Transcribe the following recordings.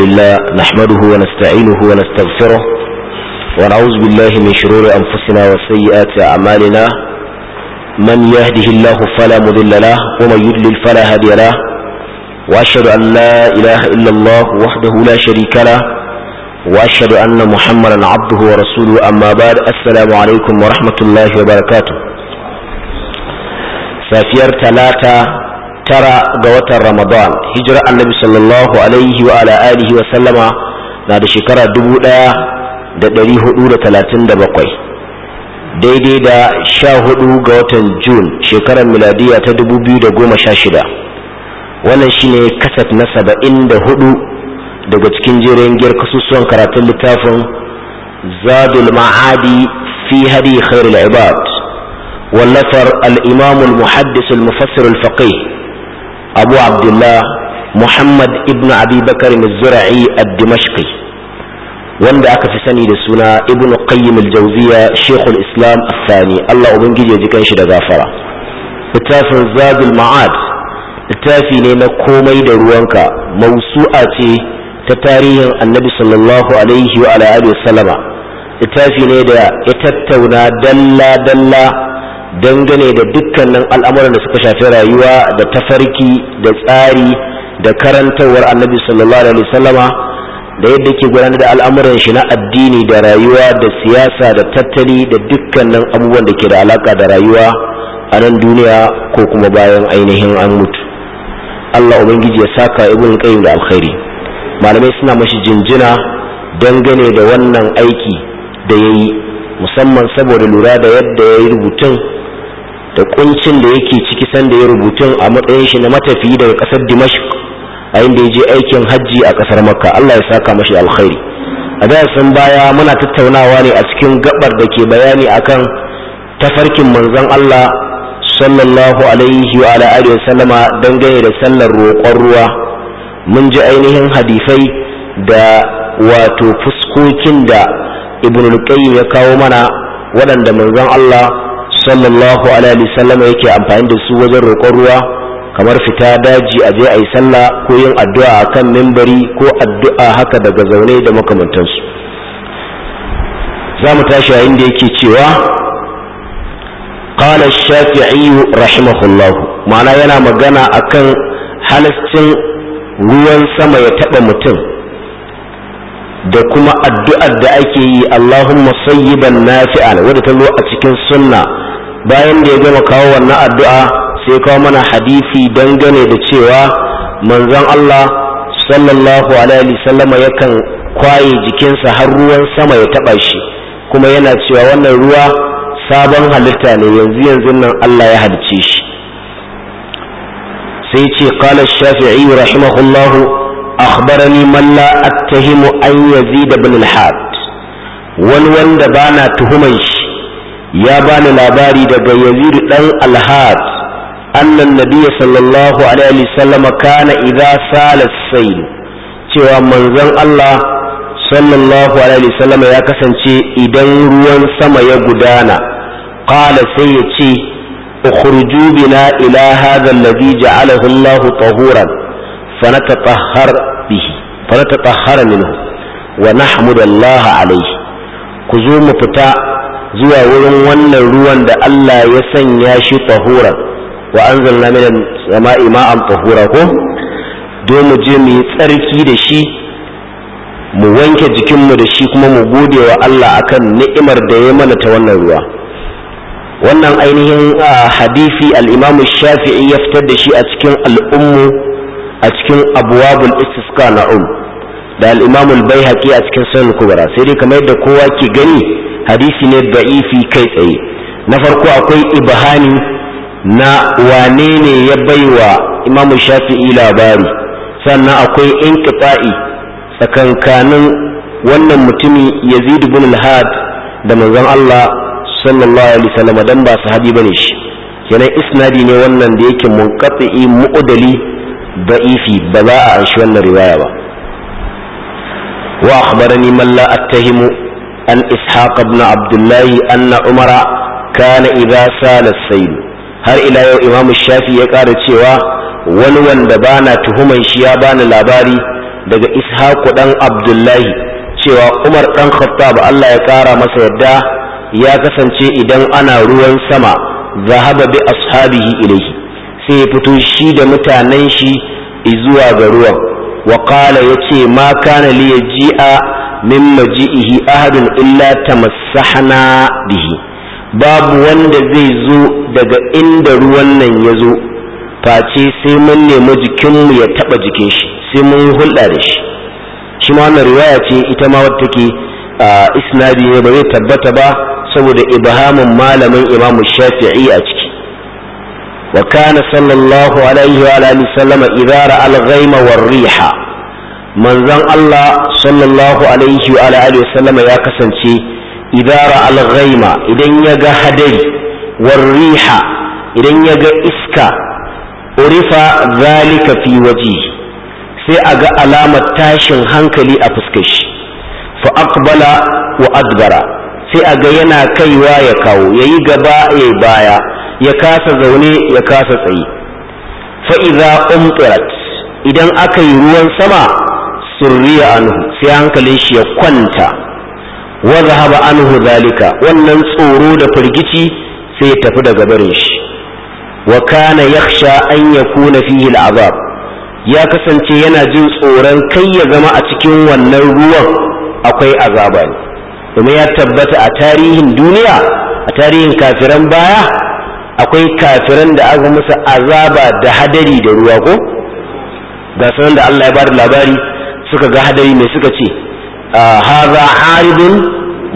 لله نحمده ونستعينه ونستغفره ونعوذ بالله من شرور أنفسنا وسيئات أعمالنا من يهده الله فلا مذل له ومن يدلل فلا هدي له وأشهد أن لا إله إلا الله وحده لا شريك له وأشهد أن محمدا عبده ورسوله أما بعد السلام عليكم ورحمة الله وبركاته سافير ثلاثة tara ga watan ramadan hijira annabi sallallahu alaihi wa ala alihi wa sallama na da shekara dubu ɗaya da hudu da talatin da bakwai daidai da sha hudu ga watan jun shekarar miladiya ta dubu biyu da goma sha shida wannan shine kasat na saba'in da hudu daga cikin jerin giyar karatun littafin zadul ma'adi fi hadi khairul ibad wallafar al imamul al-muhaddis al-mufassir al-faqih abu abdullah muhammad ibn abi bakar zura'i ad-dimashqi wanda aka fi sani da suna ibn qayyim al-jawziya shekul islam athani allah ubangiji ya ji kanshi da gafara littafin zadul ma'ad littafi ne na komai da ruwanka mausu'a ce ta tarihin annabi sallallahu alaihi wa alihi wa sallama littafi ne da ya tattauna dalla dalla dangane da dukkanin al'amuran da suka shafi rayuwa da tafarki da tsari da karantarwar annabi sallallahu alaihi wasallama da yadda ke gudanar da al'amuran shi na addini da rayuwa da siyasa da tattali da dukkanin abubuwan da ke da alaka da rayuwa a nan duniya ko kuma bayan ainihin an mutu Allah ubangiji ya saka ibn qayyim da alkhairi malamai suna mashi jinjina dangane da wannan aiki da yayi musamman saboda lura da yadda ya yi rubutun da kuncin da yake ciki sanda ya rubutun a matsayin shi na matafi daga kasar dimashq a inda ya je aikin hajji a kasar makka allah ya saka mashi alkhairi a da sun baya muna tattaunawa ne a cikin gabar da ke bayani akan tafarkin manzon allah sallallahu alaihi wa ala alihi sallama dangane da sallar roƙon ruwa mun ji ainihin hadisai da wato fuskokin da ibn ya kawo mana waɗanda manzon allah sallallahu alaihi wasallam yake amfani da su wajen roƙon ruwa kamar fita daji a je a sallah ko yin addu'a kan mimbari ko addu'a haka daga zaune da makamantansu za mu tashi yayin da yake cewa qala shafi'i rahimahullah ma'ana yana magana akan halarcin ruwan sama ya taɓa mutum da kuma addu'ar da ake yi Allahumma sayyiban nafi'a wadda ta zo a cikin sunna bayan da ya gama kawo wannan addu'a sai kawo mana hadisi dangane da cewa manzon Allah sallallahu alaihi sallama yakan kwaye jikinsa har ruwan sama ya taɓa shi kuma yana cewa wannan ruwa sabon halitta ne yanzu yanzu nan Allah ya halicce shi sai ce qala shafi'i rahimahullahu أخبرني من لا أتهم أن يزيد بن الحاد wani wanda ba na tuhuman shi ya bani labari daga yazid dan alhad annan nabiyyi sallallahu alaihi wasallam kana idza sala sayl cewa manzon Allah sallallahu alaihi wasallam ya kasance idan ruwan sama ya gudana qala sai ya ce ukhruju bina ila hadha alladhi ja'alahu Allah tahuran fanatahhar bihi fanatahhar minhu wa nahmudallaha alaihi ku zo mu fita zuwa wurin wannan ruwan da Allah ya sanya shi tahura wa anzalna minan sama'i ma'an tahura ko don mu je mu yi tsarki da shi mu wanke jikinmu da shi kuma mu gode wa Allah akan ni'imar da ya mana ta wannan ruwa wannan ainihin hadisi al Shafi'i ya fitar da shi a cikin al'ummu a cikin abwabul istisqa na'um da al'imamul imam baihaqi a cikin sanin kubra sai dai kamar yadda kowa ke gani hadisi ne da'ifi kai tsaye na farko akwai ibhani na wane ne ya baiwa imam shafi'i labari sannan akwai inqita'i tsakankanin wannan mutumi yazid bin al-had da manzon Allah sallallahu alaihi wasallam dan ba sahabi bane shi kenan isnadi ne wannan da yake munqati mu'udali da'ifi ba za a anshi wannan riwaya ba wa akhbarani man la attahimu An عن Abdullahi بن عبد الله أن عمر كان إذا سال السيل Shafi ya ƙara cewa wani wanda bana ولون shi ya bani labari daga ishaq dan abdullahi cewa umar dan khattab Allah ya kara masa yadda ya kasance idan ana ruwan sama zahaba bi ashabihi ilayhi sai ya fito shi da mutanen shi izuwa ga ruwan Wakala ya ce ma ya ji a. min maji'ihi ahadun illa tamassahna bihi babu wanda zai zo daga inda ruwan nan ya zo face sai mun nemi jikinmu ya taba jikin shi sai mun hulɗa da shi shi ma wannan riwaya ce ita ma wadda take isnadi ne ba zai tabbata ba saboda ibhamin malamin imam shafi'i a ciki wa kana sallallahu alaihi wa alihi sallama idara al-ghaima war-riha manzon Allah sallallahu alaihi wa alihi wasallama ya kasance idara al-ghaima idan ya ga hadari riha idan ya ga iska urifa zalika fi waji sai a ga alamar tashin hankali a fuskar shi fa aqbala wa adbara sai a ga yana kaiwa ya kawo yayi gaba ya baya ya kasa zaune ya kasa tsaye fa idza umtirat idan aka yi ruwan sama surriya anhu sai hankalin shi ya kwanta wa zahaba anhu zalika wannan tsoro da firgici sai ya tafi daga barin shi wa kana yakhsha an yakuna fihi al'azab ya kasance yana jin tsoron kai ya zama a cikin wannan ruwan akwai azaba ne domin ya tabbata a tarihin duniya a tarihin kafiran baya akwai kafiran da aka musu azaba da hadari da ruwa ko ga sanan da Allah ya bada labari suka ga hadari mai suka ce ah, haza haridun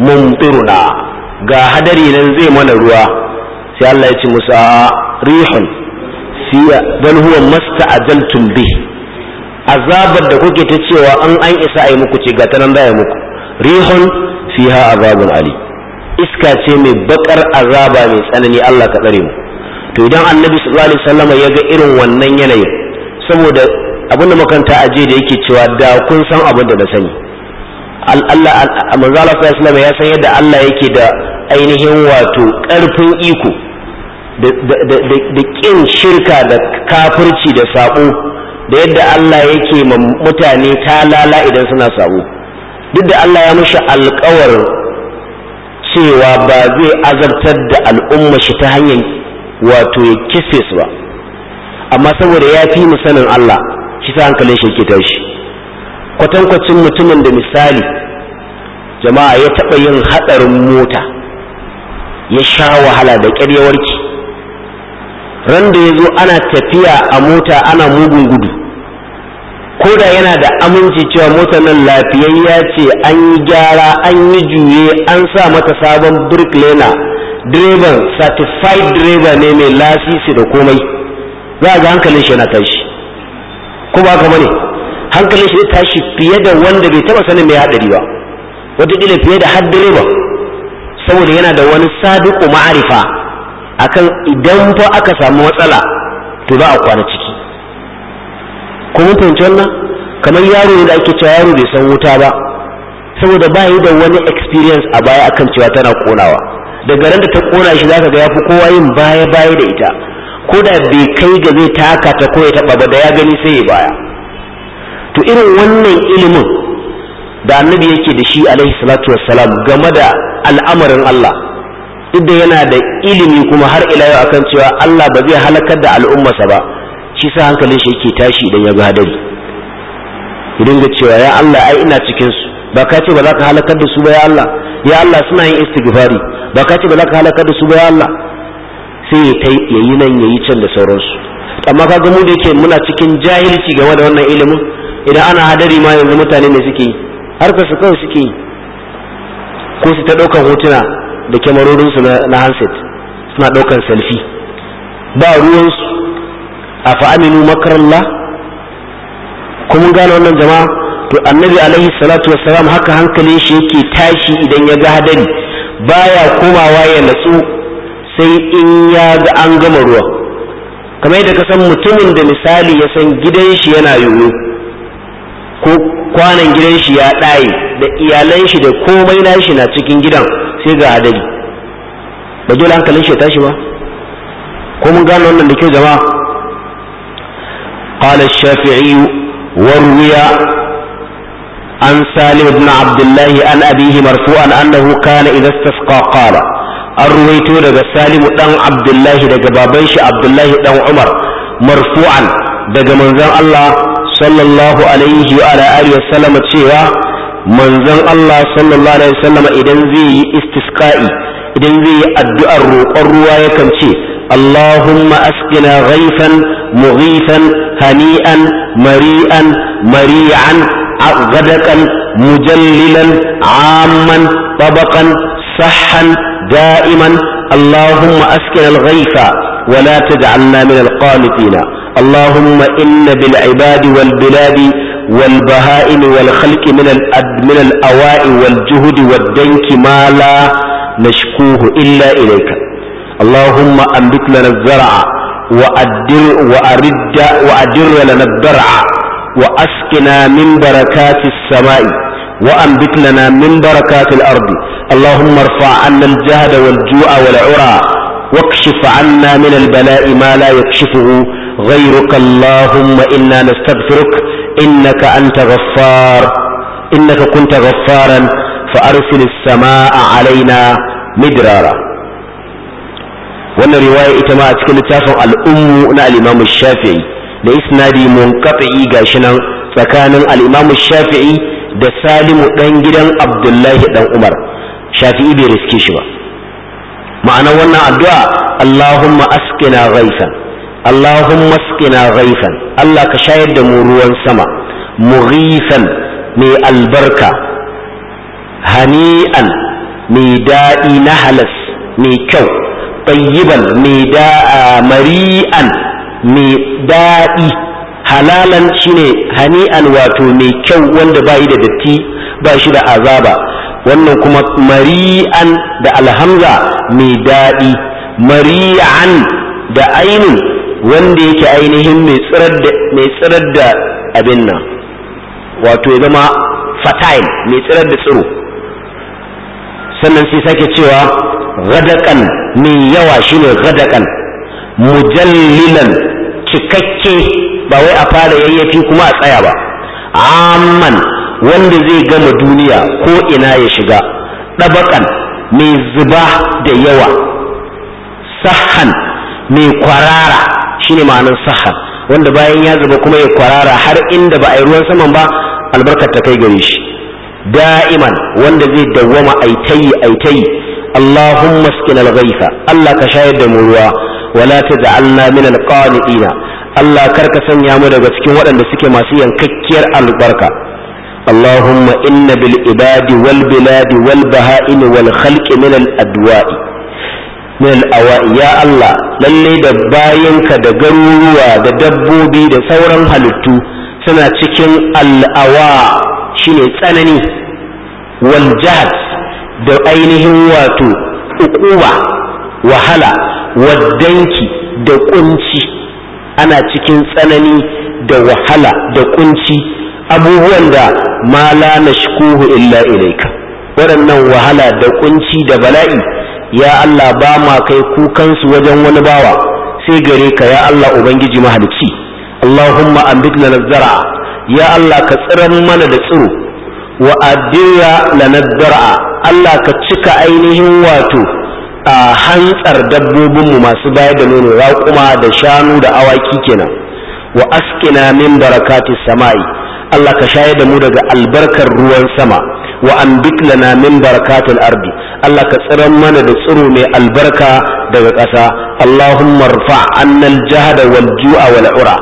mumtiruna ga hadari nan zai mana ruwa sai Allah ya ce musu rihun bal huwa masta'ajaltum bi azabar da kuke ta cewa an an isa ai muku ce ga ta nan zai muku rihun fiha azabun ali iska ce mai bakar azaba mai tsanani Allah ka tsare mu to idan annabi sallallahu alaihi wasallam ya ga irin wannan yanayin saboda abin makanta a je da yake cewa da kun san abin da na sani Allah manzo Allah sallallahu ya san yadda Allah yake da ainihin wato karfin iko da kin shirka da kafirci da sabo da yadda Allah yake ma mutane talala idan suna sabo duk da Allah ya mushi alƙawar cewa ba zai azabtar da al'umma shi ta hanyar wato ya kife su ba amma saboda ya fi mu sanin Allah shi sa hankali shi yake tashi kwatankwacin mutumin da misali jama'a ya taɓa yin haɗarin mota ya sha wahala da ƙyar ya ran da ya zo ana tafiya a mota ana mugun gudu ko da yana da aminci cewa mota nan lafiyayya ce an yi gyara an yi juye an sa mata sabon birklena direban certified driver ne mai lasisi da komai za ga hankalin shi na tashi ko ba ka bane hankalin shi tashi fiye da wanda bai taba sanin mai hadari ba wata wataƙila fiye da haddare ba saboda yana da wani sadiqu ma'arifa akan idan fa aka samu matsala to za a kwana ciki ko mun fahimci wannan kamar yaro da ake cewa yaro bai san wuta ba saboda ba yi da wani experience a baya akan cewa tana konawa daga ran da ta kona shi zaka ga yafi kowa yin baya baya da ita ko da bai kai ga zai taka ta ko ya taba ba da ya gani sai ya baya to irin wannan ilimin da annabi yake da shi alaihi salatu wassalam game da al'amarin Allah duk da yana da ilimi kuma har ila yau akan cewa Allah ba zai halakar da al'ummarsa ba shi sa hankalin shi yake tashi idan ya ga hadari idan ga cewa ya Allah ai ina cikin su ba ka ce ba za ka halakar da su ba ya Allah ya Allah suna yin istighfari ba ka ce ba za ka halakar da su ba ya Allah sai ya yi nan ya yi can da sauransu amma kaga mu da yake muna cikin jahilci game da wannan ilimin idan ana hadari ma yanzu mutane ne suke yi har ka su kawai suke ko su ta ɗaukan hotuna da kyamarorinsu na handset suna ɗaukan selfie ba ruwansu a fa'aminu makarallah ko mun gane wannan jama'a to annabi alaihi salatu wassalam haka hankalin shi yake tashi idan ya ga hadari baya komawa ya natsu sai in ya ga an gama ruwa kamar yadda ka san mutumin da misali ya san gidan shi yana yoyo ko kwanan gidan shi ya ɗaye da iyalan shi da komai na shi na cikin gidan sai ga adali ba dole hankalin shi ya tashi ba ko mun gane wannan da kyau jama'a قال الشافعي وروي عن سالم بن عبد الله عن أبيه مرفوعا أنه كان إذا استسقى قال an ruwaito daga salimu dan abdullahi daga baban shi abdullahi dan umar marfu'an daga manzon Allah sallallahu alaihi wa alihi wa sallama cewa manzon Allah sallallahu alaihi wa sallama idan zai yi istisqa'i idan zai yi addu'ar roƙon ruwa yakan ce اللهم أسقنا غيثا مغيثا hani'an marian marian غدقا mujallilan عاما طبقا صحا دائما اللهم أسكن الغيث ولا تجعلنا من القانتين اللهم إن بالعباد والبلاد والبهائم والخلق من من الأواء والجهد والدنك ما لا نشكوه إلا إليك اللهم أنبت لنا الزرع وأدر وأرد وأدر لنا الدرع وأسقنا من بركات السماء وأنبت لنا من بركات الأرض اللهم ارفع عنا الجهد والجوع والعرى واكشف عنا من البلاء ما لا يكشفه غيرك اللهم إنا نستغفرك إنك أنت غفار إنك كنت غفارا فأرسل السماء علينا مدرارا wannan riwaya ita ma a cikin littafin al'ummu na al'imamu shafi'i da isnadi munqati gashi nan tsakanin al'imamu shafi'i da salimu ɗan gidan abdullahi Ɗan umar shafi'i bai riske shi ba ma'anar wannan addu'a Allahumma askina ghaifan Allahumma askina ghaifan Allah ka shayar da mu ruwan sama mughifan mai albarka hani'an mai daɗi na halas mai kyau tayyiban mai da'a mari'an mai daɗi halalan shine hani'an wato mai kyau wanda bayi da datti ba shi da azaba wannan kuma mari'an da alhamza mai daɗi mari'an da Ainin wanda yake ainihin mai tsirar da abin nan wato ya zama Fatayin mai tsirar da tsiro sannan sai sake cewa gadakan mai yawa shine gadakan mujallilan cikakke ba wai a fara yayyafi kuma a tsaya ba amman wanda zai gama duniya ko ina ya shiga ɗabakan mai zuba da yawa sahan mai kwarara shine ma'anar sahan wanda bayan ya zuba kuma ya kwarara har inda ba a yi ruwan saman ba albarkar ta kai gare shi da'iman wanda zai dawwama aitayi aitayi allahumma skin alghaifa Allah ka shayar da mu ruwa wala taj'alna min al-qanitina Allah karka sanya mu daga cikin waɗanda suke masu yankakkiyar albarka اللهم إن بالعباد والبلاد والبهائم والخلق من الأدواء من الأواء يا الله للي دباينك دقروا ددبوبي دثورا هلتو سنة تكن الأواء شيني تسألني والجهد da ainihin wato ukuwa wahala waddanki da kunci ana cikin tsanani da wahala da kunci abubuwan da ma la nashkuhu illa ilaika waɗannan wahala da kunci da bala'i ya Allah ba ma kai kukansu wajen wani bawa sai gare ka ya Allah ubangiji mahalicci Allahumma ambitna nazara ya Allah ka tsiran mana da tsiro wa adiya lana Allah ka cika ainihin wato a hantsar dabbobinmu masu bayar da nono raƙuma da shanu da awaki kenan wa askina min barakatis sama'i Allah ka shayar da mu daga albarkar ruwan sama wa anbit lana min barakatil ardi Allah ka tsiran mana da tsiro mai albarka daga ƙasa Allahumma rfa annal jahada wal ju'a wal ura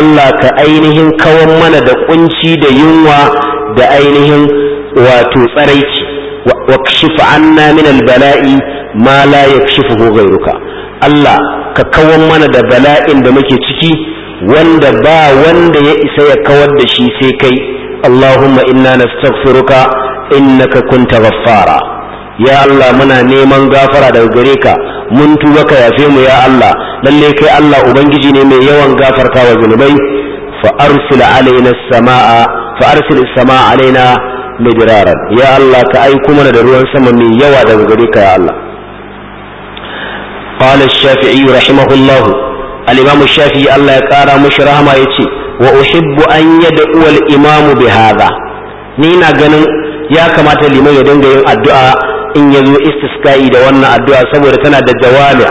Allah ka ainihin kawan mana da kunci da yunwa da ainihin wato tsaraici wa kashifa anna min al bala'i ma la yakshifuhu ghayruka Allah ka kawar mana da bala'in da muke ciki wanda ba wanda ya isa ya kawar da shi sai kai Allahumma inna nastaghfiruka innaka kunta ghaffara ya Allah muna neman gafara daga gare ka mun tuba ka yafe mu ya Allah lalle kai Allah ubangiji ne mai yawan wa zunubai fa arsil alaina samaa fa arsil samaa alaina midraran ya Allah ka aiko mana da ruwan sama mai yawa daga gare ka ya Allah qala ash-shafi'i rahimahullahu al-imam shafi'i Allah ya kara mushi rahama ya ce, uhibbu an yad'u al-imam ni na ganin ya kamata liman ya dinga yin addu'a in ya yazo istisqa'i da wannan addu'a saboda tana da jawami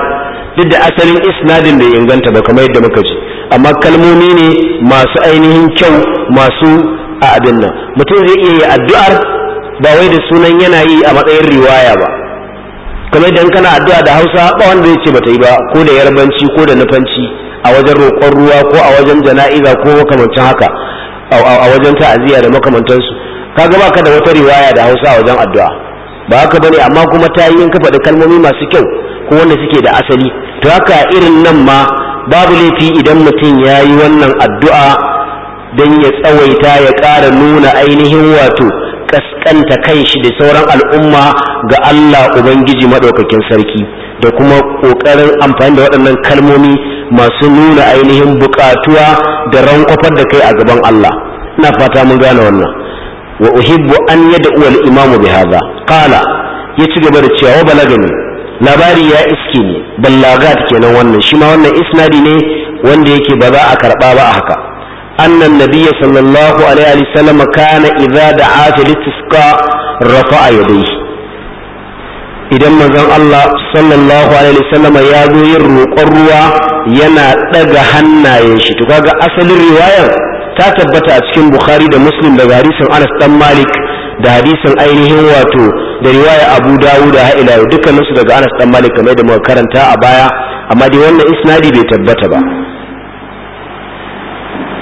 duk da asalin isnadin bai inganta ba kamar yadda muka ji amma kalmomi ne masu ainihin kyau masu a abin nan mutum zai iya yi addu'ar ba wai da sunan yana yi a matsayin riwaya ba kamar idan kana addu'a da Hausa ba wanda zai ce bata yi ba ko da yarbanci ko da nufanci a wajen roƙon ruwa ko a wajen jana'iza ko makamancin haka a wajen ta'aziyya da makamantansu kaga baka da wata riwaya da Hausa a wajen addu'a ba haka bane amma kuma ta yi ka faɗi kalmomi masu kyau ko wanda suke da asali to haka irin nan ma babu laifi idan mutum ya yi wannan addu'a don ya tsawaita ya ƙara nuna ainihin wato kaskanta shi da sauran al'umma ga Allah Ubangiji maɗaukakin sarki da kuma ƙoƙarin amfani da waɗannan kalmomi masu nuna ainihin buƙatuwa da rankwafar da kai a gaban Allah ina fata mun gane wannan wa uhibbu an yad'u al-imamu bi hadha qala ya ci gaba da cewa balagani labari ya iske ne ballagat kenan wannan shi ma wannan isnadi ne wanda yake ba za a karɓa ba a haka أن النبي صلى الله عليه وسلم كان إذا دعا a رفع يديه idan manzon Allah sallallahu alaihi wasallam ya zo yin roƙon ruwa yana ɗaga hannayen shi to kaga asalin riwayar ta tabbata a cikin Bukhari da Muslim daga hadisin Anas dan Malik da hadisin ainihin wato da riwaya Abu Dawud da Ha'ila dukkaninsu daga Anas dan Malik kamar da muka karanta a baya amma dai wannan isnadi bai tabbata ba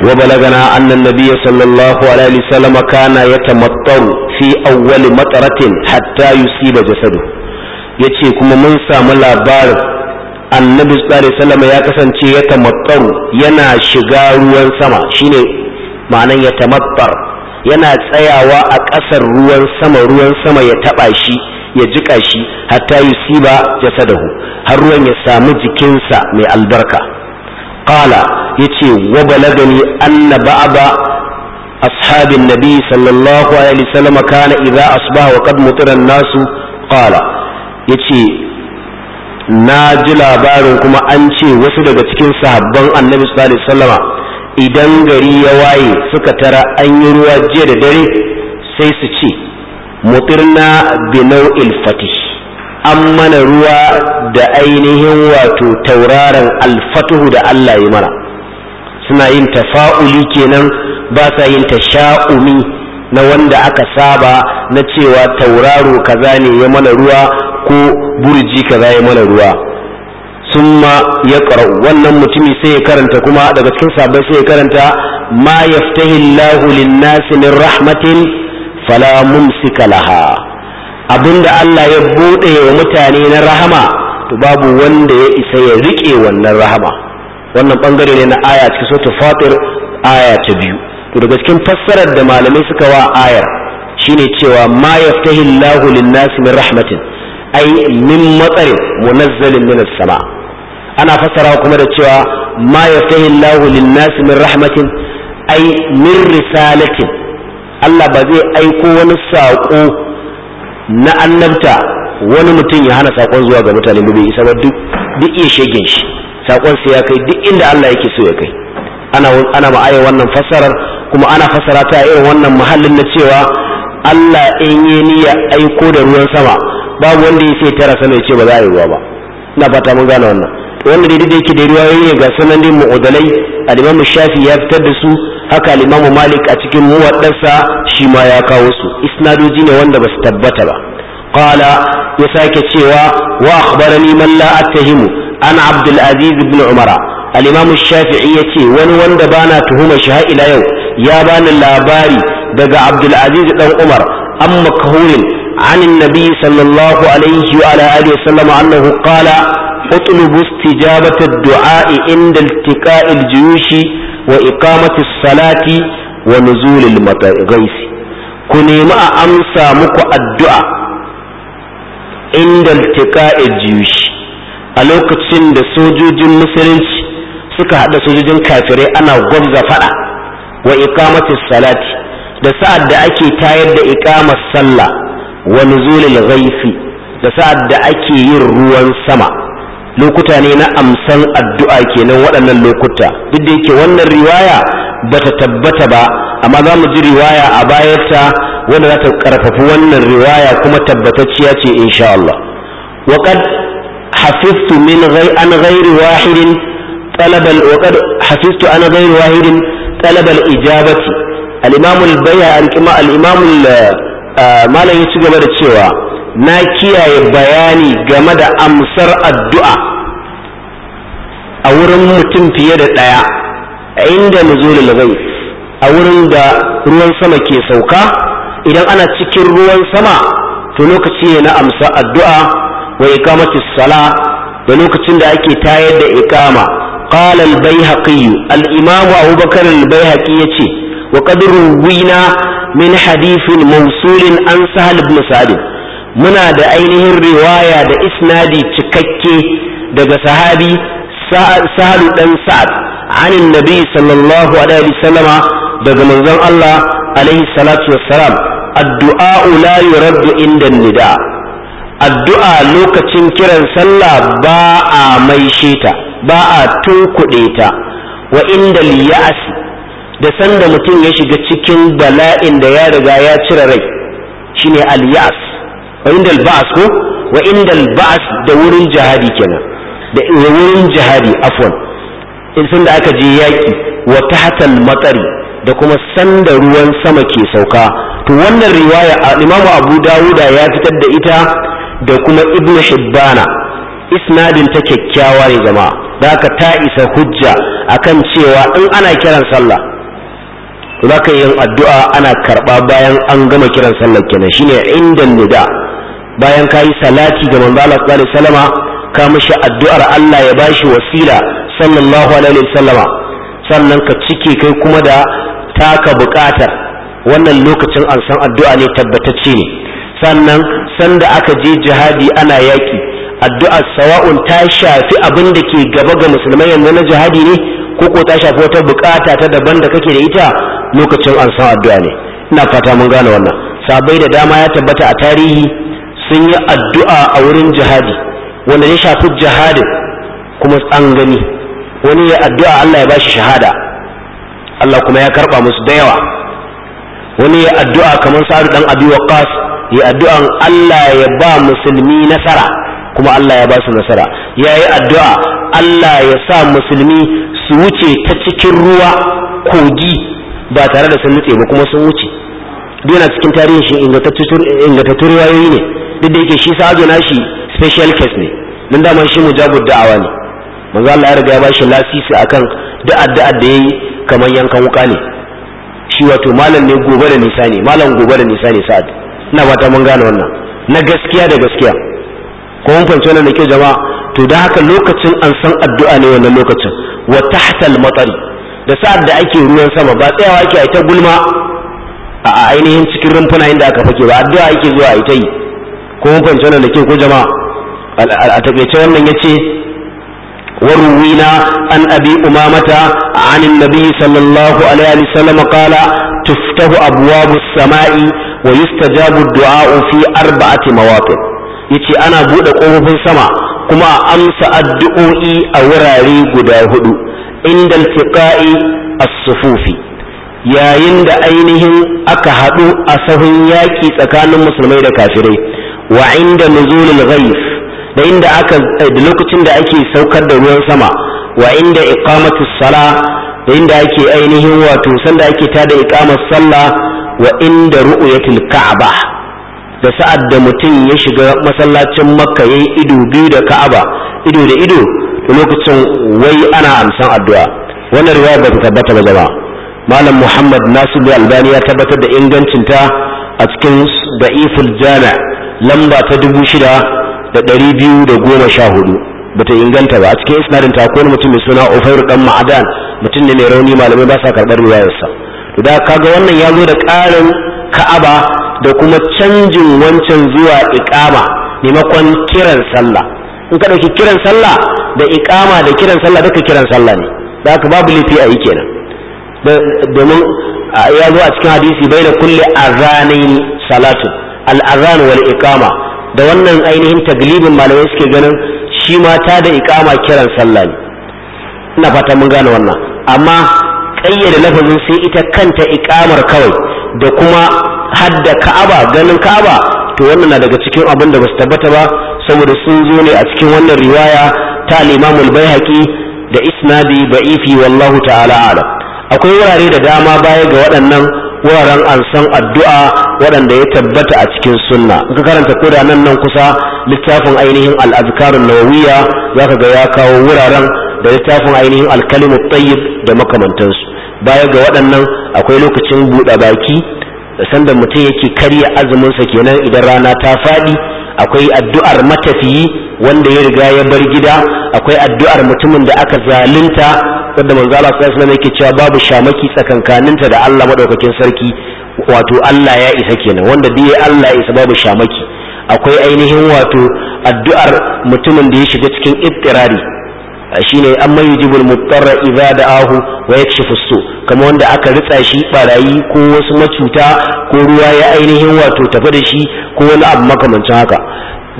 وبلغنا أن النبي صلى الله عليه وسلم كان يتمطر في أول مطرة حتى يصيب جسده yace kuma mun samu labarin annabi sallallahu Salama ya kasance ya tamattaru yana shiga ruwan sama shine ma'anan ya tamattar yana tsayawa a ƙasar ruwan sama ruwan sama ya taɓa shi ya jiƙa shi hatta yusiba jasadahu har ruwan ya samu jikinsa mai albarka qala yace wa balagani anna ba'da أصحاب النبي صلى الله عليه وسلم كان إذا أصبح وقد مطر الناس قال يتي ناجي labarin kuma an ce wasu daga cikin sahabban annabi sallallahu alaihi wasallama idan gari ya waye suka tara an yi ruwa jiya da dare sai su ce mutirna bi nau'il fatih an mana ruwa da ainihin wato tauraron alfatuhu da Allah ya mana suna yin tafa'uli kenan ba sa yin tasha'umi na wanda aka saba na cewa tauraro kaza ne ya mana ruwa ko burji kaza ya mana ruwa summa ya wannan mutumi sai ya karanta kuma daga cikin sabon sai ya karanta ma yaftahi lin-nasi min rahmatin fala mumsika laha abinda Allah ya bude wa mutane na rahama to babu wanda ya isa ya rike wannan rahama wannan bangare ne na aya cikin suratul fatir aya ta biyu to daga cikin fassarar da malamai suka wa ayar shine cewa ma yaftahi Allahu lin-nasi min rahmatin ay min matsarin munazzalin min sama ana fassara kuma da cewa ma yaftahi Allahu lin-nasi min rahmatin ay min risalatin Allah ba zai aiko wani saƙo na annabta wani mutum ya hana sakon zuwa ga mutane ba bai isa ba duk duk iya shegen shi sakon sai ya kai duk inda Allah yake so ya kai ana ana ma ayi wannan fassarar kuma ana fassara ta irin wannan mahallin na cewa Allah in yi niyya aiko da ruwan sama babu wanda ya tara sama ya ce ba za a yi ruwa ba ina fata mun gane wannan wanda daidai da yake da ruwa ne ga sanan din mu'udalai al-Imam Shafi ya fitar da su haka al-Imam Malik a cikin muwaddasa shi ma ya kawo su isnadoji ne wanda ba su tabbata ba qala ya sake cewa wa akhbarani man la an abdul aziz ibn umara al-imam shafi'i ce wani wanda bana tuhuma shi har ila yau ya bani labari daga abdul aziz dan umar an makhurin عن النبي صلى الله عليه وعلى آله وسلم أنه قال اطلبوا استجابة الدعاء عند التقاء الجيوش وإقامة الصلاة ونزول المطر غيث ku nemi a amsa muku addu'a inda iltiqa'i jiyushi a lokacin da sojojin musulunci suka haɗa sojojin kafirai ana gwamza fada wa ikamatis salati da sa'ad da ake tayar da ikamar sallah wa nuzulil ghaifi da sa'ad da ake yin ruwan sama lokuta ne na amsan addu'a kenan waɗannan lokuta duk da yake wannan riwaya bata tabbata ba amma za mu ji riwaya a bayarta wanda za ta karfafi wannan riwaya kuma tabbatacciya ce insha Allah wa hafiztu min ghayr an ghayri wahidin talab al wa qad hafiztu ana ghayr wahidin talab al ijabati al imam al bayha al al imam al malam ya ci gaba da cewa na kiyaye bayani game da amsar addu'a a wurin mutum fiye da ɗaya a inda nuzulul ghaib a wurin da ruwan sama ke sauka idan ana cikin ruwan sama to lokaci ne na amsa addu'a wa iqamati sala da lokacin da ake tayar da iqama qala al-baihaqi al imamu Abu Bakar al-Baihaqi yace wa qad ruwina min hadithin mawsulin an Sahal ibn Sa'd muna da ainihin riwaya da isnadi cikakke daga sahabi Sahal ɗan sa'ad anin nabi sallallahu alaihi wasallama daga manzon Allah alaihi salatu wassalam addu'a la yuraddu inda nida addu'a lokacin kiran sallah ba a maishe ta ba a tunkuɗe ta wa inda ya'asi da sanda mutum ya shiga cikin bala'in da ya riga ya cire rai shine ne aliyas wa inda baas ko wa inda baas da wurin jihadi kenan da wurin jihadi afwan in sun da aka je yaƙi wa tahatal matsari da kuma sanda ruwan sama ke sauka to wannan riwaya imamu abu dawuda ya fitar da ita da kuma ibnu hibbana isnadin ta kyakkyawa ne jama'a da ka ta isa hujja akan cewa in ana kiran sallah to zaka yin addu'a ana karɓa bayan an gama kiran sallah kenan shine inda nida bayan ka yi salati ga manzo Allah sallallahu ka mishi addu'ar Allah ya bashi wasila sallallahu alaihi wasallama sannan ka cike kai kuma da taka buƙatar wannan lokacin an san addu'a ne tabbatacce ne sannan sanda aka je jihadi ana yaki addu'a sawa'un ta shafi abin da ke gaba ga musulmai yanzu na jihadi ne ko ko ta shafi wata bukata ta daban da kake da ita lokacin an san addu'a ne ina fata mun gane wannan sabai da dama ya tabbata a tarihi sun yi addu'a a wurin jihadi wanda ya shafi jihadin kuma an gani wani ya addu'a Allah ya bashi shahada Allah kuma ya karba musu da yawa wani ya addu'a kamar saru dan abi waqas ya addu'an Allah ya ba musulmi nasara kuma Allah ya ba su nasara yayi addu'a Allah ya sa musulmi su wuce ta cikin ruwa kogi ba tare da sun nutse ba kuma sun wuce yana cikin tarihin shi ingantattun riwayoyi ne duk da yake shi sa'adu na shi special case ne don dama shi mujabud da'awa ne manzo Allah ya riga ya ba shi lasisi akan duk addu'ar da yayi kamar yankan wuka ne shi wato malam ne gobe da nisa ne malam gobe da nisa ne sa'ad ina fata mun gane wannan na gaskiya da gaskiya ko mun fahimci wannan da kyau jama'a to da haka lokacin an san addu'a ne wannan lokacin wa tahtal matsari da sa'ad da ake ruwan sama ba tsayawa ake ai ta gulma a ainihin cikin rumfuna inda aka fake ba addu'a ake zuwa ai ta yi ko mun fahimci wannan da ko jama'a a takaice wannan yace وروينا عن أبي أمامة عن النبي صلى الله عليه وسلم قال تفتح أبواب السماء ويستجاب الدعاء في أربعة مواطن يتي أنا بود قوم في السماء كما أمس الدعوئي أوراري قداهد عند التقاء الصفوف yayin da ainihin aka haɗu a sahun yaƙi tsakanin musulmai da kafirai wa inda nuzulul ghaif da inda aka eh, da lokacin da ake saukar da ruwan sama wa inda iqamatu sala da inda ake ainihin wato sanda ake tada iqamar sallah wa inda ru'yatul ka'aba da sa'ad da mutum ya shiga masallacin makka yayi ido biyu da ka'aba ido da ido to lokacin wai ana amsan addu'a wannan riwaya ba ta tabbata ba jama'a malam muhammad nasiru albani ya tabbatar da ingancinta a cikin da'iful jami' lamba ta dubu shida da ɗari biyu da goma sha hudu bata inganta ba a cikin isnadin ta kone mutum mai suna Ufair dan Ma'adan mutum ne mai rauni malamai ba sa karɓar riwayarsa to da kaga wannan ya zo da ƙarin Ka'aba da kuma canjin wancan zuwa iqama maimakon kiran sallah in ka dauki kiran sallah da iqama da kiran sallah duka kiran sallah ne da haka babu lifi a yi kenan domin ya zo a cikin hadisi bai da kulle azanaini salatu al-azan wal iqama da wannan ainihin taglibin malamai suke ganin shi ma ta da ikama kiran sallah ne ina fata mun gane wannan amma kayyade lafazin sai ita kanta ikamar kawai da kuma hadda ka'aba ganin ka'aba to wannan na daga cikin abin da basu tabbata ba saboda sun zo ne a cikin wannan riwaya ta al-Imam al da isnadi ba'ifi wallahu ta'ala alam akwai wurare da dama baya ga waɗannan wuraren ansan addu'a waɗanda ya tabbata a cikin sunna in ka karanta ko nan kusa littafin ainihin al-azkarun za zaka ga ya kawo wuraren da littafin ainihin al-kalimu da makamantansu baya ga waɗannan akwai lokacin buɗe baki sanda mutum yake karya azumin kenan idan rana ta faɗi akwai addu'ar matafiyi wanda ya riga ya bar gida akwai addu'ar mutumin da aka zalunta wanda manzo Allah sallallahu alaihi wasallam yake cewa babu shamaki tsakankaninta da Allah madaukakin sarki wato Allah ya isa kenan wanda biye Allah ya isa babu shamaki akwai ainihin wato addu'ar mutumin da ya shiga cikin ittirari shine amma yujibul mutarra idza da'ahu wa yakshifus su kama wanda aka ritsa shi barayi ko wasu macuta ko ruwa ya ainihin wato tafi da shi ko wani abu makamancin haka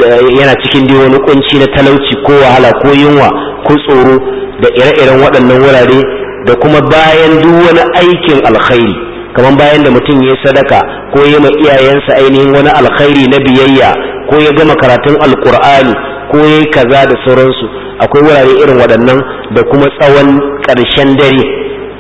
yana cikin dai wani kunci na talauci ko wahala ko yunwa ko tsoro da ire-iren waɗannan wurare da kuma bayan duk wani aikin alkhairi kamar bayan da mutum ya sadaka ko ya ma iyayensa ainihin wani alkhairi na biyayya ko ya gama karatun alkur'ani ko ya yi kaza da sauransu akwai wurare irin waɗannan da kuma tsawon ƙarshen dare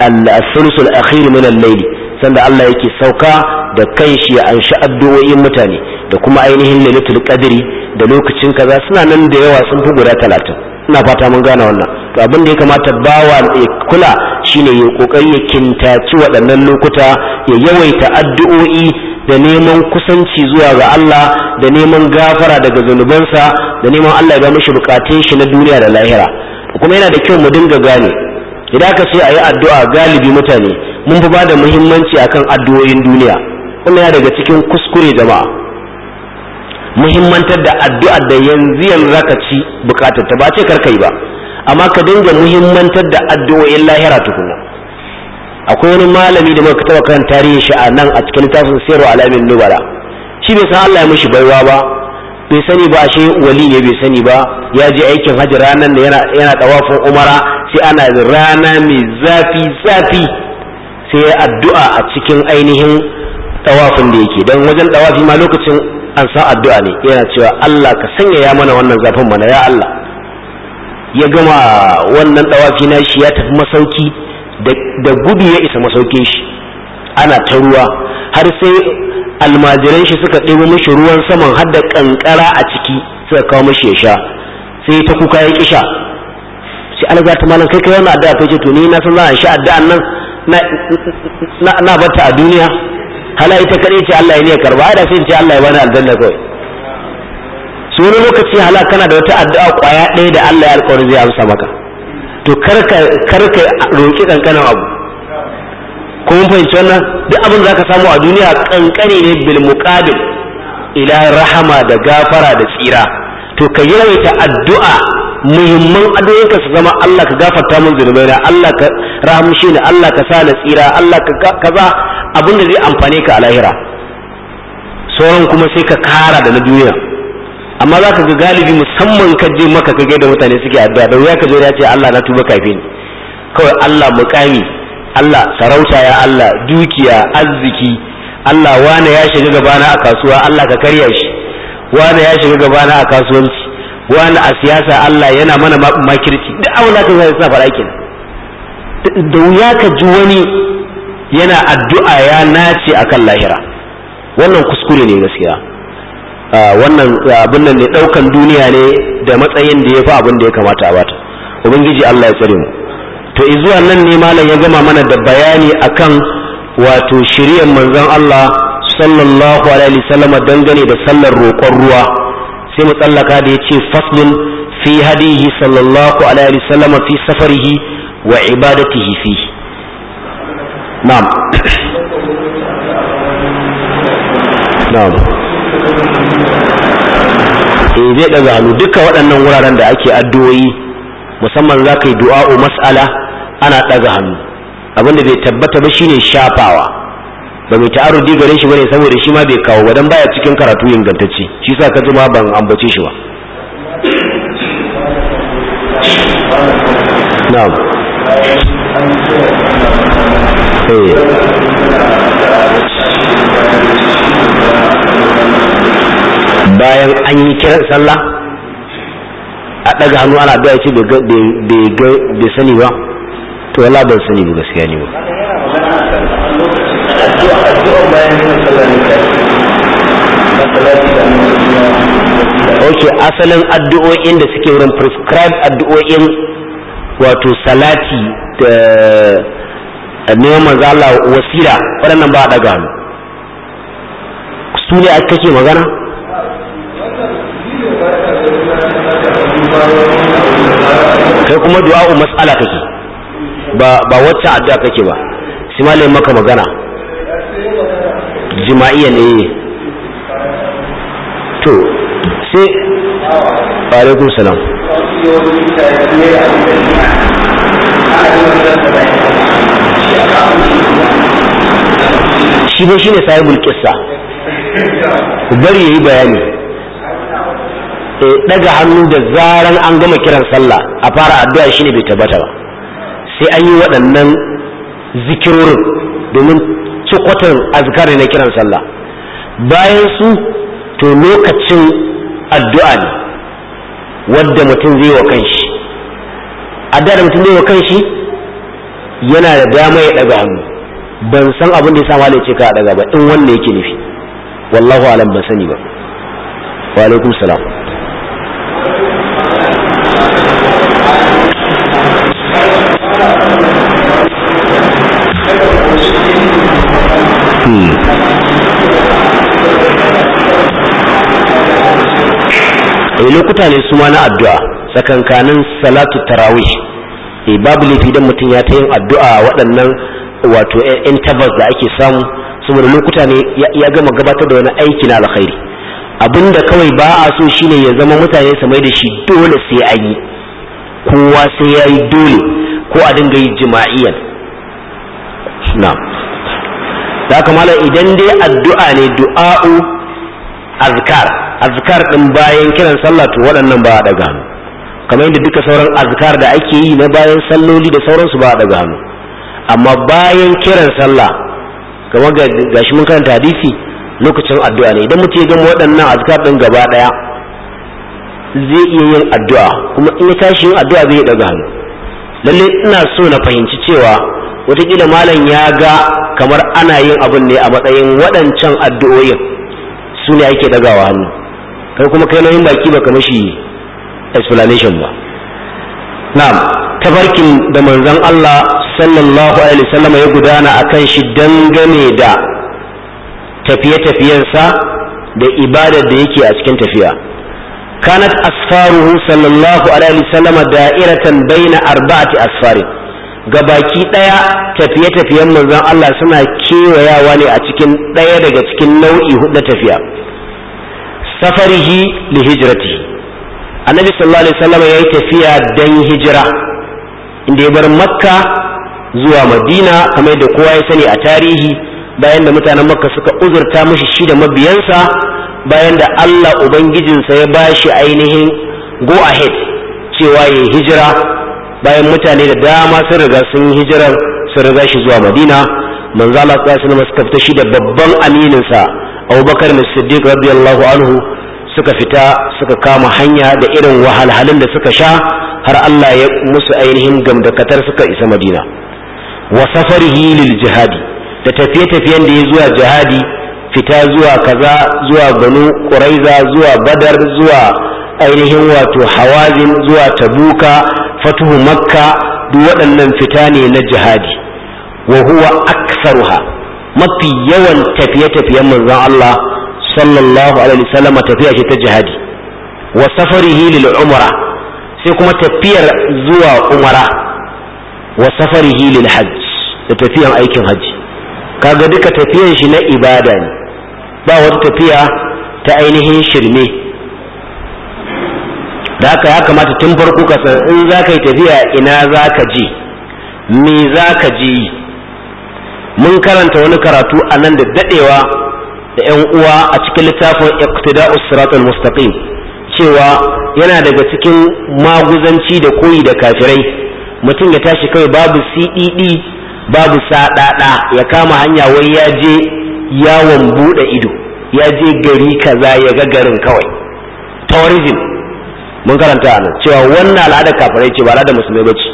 al-thulusul akhir min al-layl sanda Allah yake sauka da shi ya anshi addu'o'in mutane da kuma ainihin lailatul qadri da lokacin kaza suna nan da yawa sun fi guda talatin ina fata mun gane wannan to abin da ya kamata bawa ya kula shine ya kokari ya kintaci waɗannan lokuta ya yawaita addu'o'i da neman kusanci zuwa ga Allah da neman gafara daga zunubansa da neman Allah ya ga mishi bukatun shi na duniya da lahira kuma yana da kyau mu dinga gane idan ka ce a yi addu'a galibi mutane mun fi ba da muhimmanci akan addu'o'in duniya kuma ya daga cikin kuskure jama'a muhimmantar da addu'a da yanzu yanzu zaka ci bukatar ta ba ce karka yi ba amma ka dinga muhimmantar da addu'o'in lahira tukuna akwai wani malami da muka taba kan tarihin shi a nan a cikin littafin sirru alamin nubala shi bai san Allah ya mishi baiwa ba bai sani ba ashe wali ne bai sani ba ya je aikin hajji ranar da yana yana umara sai ana rana mai zafi zafi sai ya addu'a a cikin ainihin tawafin da yake don wajen tawafi ma lokacin an sa addu'a ne yana cewa Allah ka sanya ya mana wannan zafin mana ya Allah ya gama wannan tawafi na shi ya tafi masauki da gudu ya isa masaukin shi ana ta ruwa har sai almajiran shi suka ɗebo mishi ruwan saman har da kankara a ciki suka kawo mishi ya sha sai ta kuka ya kisha shi alaza ta malam kai kai wannan addu'a kai ce to ni na san za a sha addu'a nan na na a duniya hala ita kare ce Allah ya ne karba da sai ce Allah ya bani aljanna kawai su wani lokaci hala kana da wata addu'a kwaya ɗaya da Allah ya alƙawarin zai amsa maka to karka karka roki kankanin abu ko mun fahimci wannan duk abin da zaka samu a duniya kankane ne bil muqabil ila rahama da gafara da tsira to ka yawaita addu'a muhimman adoyinka su zama Allah ka gafarta min zunubai na Allah ka rahamshe ni Allah ka sa na tsira Allah ka kaza abin da zai amfane ka a lahira sauran kuma sai ka kara da na duniya amma za ka ga galibi musamman ka je maka ka da mutane suke addu'a da wuya ka zo ya ce Allah na tuba kafin ni kawai Allah mukami Allah sarauta ya Allah dukiya arziki Allah wane ya shiga gabana a kasuwa Allah ka karya shi wane ya shiga gabana a kasuwanci wani a siyasa Allah yana mana makirci duk abin da zai suna fara da wuya ka ji wani yana addu'a ya nace akan lahira wannan kuskure ne gaskiya wannan abin nan ne ɗaukan duniya ne da matsayin da ya fi abin da ya kamata a bata ubangiji Allah ya tsare mu to zuwa nan ne malam ya gama mana da bayani akan wato shiriyar manzon Allah sallallahu alaihi wasallam dangane da sallar roƙon ruwa sai mu tsallaka da yace faslun fi hadihi sallallahu alaihi wa sallam fi safarihi wa ibadatihi fi na'am na'am eh, zai ɗaga hannu duka waɗannan wuraren da ake addu'o'i musamman za ka yi du'a'u mas'ala ana ɗaga hannu abinda bai tabbata ba shine shafawa ba mai ta'arudi gare shi bane saboda shi ma bai kawo ba dan baya cikin karatu ingantacce shi sa ka zama ban ambace shi ba na'am eh bayan an yi kiran sallah a ɗaga hannu ana da ce bai sani ba to wala ban sani ba gaskiya ne ba addu'a addu'a bayan yin sallar ok asalin addu'o'in da suke wurin prescribe addu'o'in wato salati da eh, neman manzo Allah wasira waɗannan ba a daga hannu su ne kake magana kai kuma du'a'u mas'ala kake ba ba wacce addu'a kake ba shi malamin maka magana jima'iyya ne to sai alaikum salam shi ne shine sahibul qissa ku bari yi bayani eh, daga hannu da zaran an gama kiran sallah a fara addu'a shi ne bai tabbata ba sai an yi waɗannan zikirorin domin tukwatan azkari na kiran sallah bayan su to lokacin addu'a ne wadda mutum zai wa kanshi addu'a da mutum zai wa kanshi yana da dama ya daga hannu ban san abin da ya sa malai ce ka daga ba in wanda yake nufi wallahu alam ban sani ba wa alaikum salam wani lokuta ne su ma na addu'a tsakankanin salatu tarawih e babu laifi dan mutum ya ta yin addu'a waɗannan wato eh, intervals da ake samu saboda lokuta ne ya gama gabatar da wani aiki na alkhairi abinda kawai ba a so shine ya zama mutane su mai da shi dole sai an yi kowa sai ya yi dole ko a dinga yi jima'iyan na'am da kamala idan dai addu'a ne du'a'u azkar azkar din bayan kiran sallah to waɗannan ba a daga hannu kamar yadda duka sauran azkar da ake yi na bayan salloli da sauransu ba a daga hannu amma bayan kiran sallah kamar ga shi mun karanta hadisi lokacin addu'a ne idan mutum ya gama waɗannan azkar din gaba ɗaya zai iya yin addu'a kuma in ya tashi yin addu'a zai daga hannu lalle ina so na fahimci cewa wataƙila malam ya ga kamar ana yin abun ne a matsayin waɗancan addu'o'in su ne ake dagawa hannu kai kuma kai nauyin baki baka shi explanation ba na'am tabarkin da manzon Allah sallallahu alaihi wasallam ya gudana akan shi dangane da tafiye-tafiyensa da ibadar da yake a cikin tafiya kanat asfaruhu sallallahu alaihi wasallam da'iratan baina arba'ati asfarin gabaki ɗaya tafiye-tafiyen manzon Allah suna kewayawa ne a cikin ɗaya daga cikin nau'i hudu tafiya safarihi li hijrati annabi sallallahu alaihi wasallam ya yi tafiya dan hijira inda ya bar makka zuwa madina kamar da kowa ya sani a tarihi bayan da mutanen makka suka uzurta mishi shi da mabiyansa bayan da allah ubangijinsa ya bashi ainihin go ahead cewa ya hijira bayan mutane da dama sun riga sun hijira sun riga shi zuwa madina manzo allah sallallahu alaihi wasallam suka fita shi da babban amininsa abubakar siddiq radiyallahu anhu suka fita suka kama hanya da irin wahalhalun da suka sha har Allah ya musu ainihin gamdakatar suka isa Madina wa safarihi lil jihadi da tafiye-tafiyen da ya zuwa jihadi fita zuwa kaza zuwa banu ƙuraiza zuwa badar zuwa ainihin wato hawazin zuwa tabuka fatuhu makka duk waɗannan fita ne na jihadi wa huwa aksaruha mafi yawan tafiye-tafiyen manzon Allah sallallahu alaihi wasallam tafiya ce ta jihadi wa safarihi lil umra sai kuma tafiyar zuwa umara wa safarihi lil hajj da tafiyan aikin hajji kaga duka tafiyan shi na ibada ne ba wata tafiya ta ainihin shirme da haka ya kamata tun farko ka san in za ka yi tafiya ina za ka je me za ka je mun karanta wani karatu a nan da dadewa da 'yan uwa a cikin littafin iqtida'us siratal mustaqim cewa yana daga cikin maguzanci da koyi da kafirai mutum ya tashi kawai babu CDD e babu sadada ya kama hanya wai ya je yawon bude ido ya je gari kaza ya ga garin kawai tourism mun karanta nan. cewa wannan al'ada kafirai ce ba al'ada musulmai ba ce.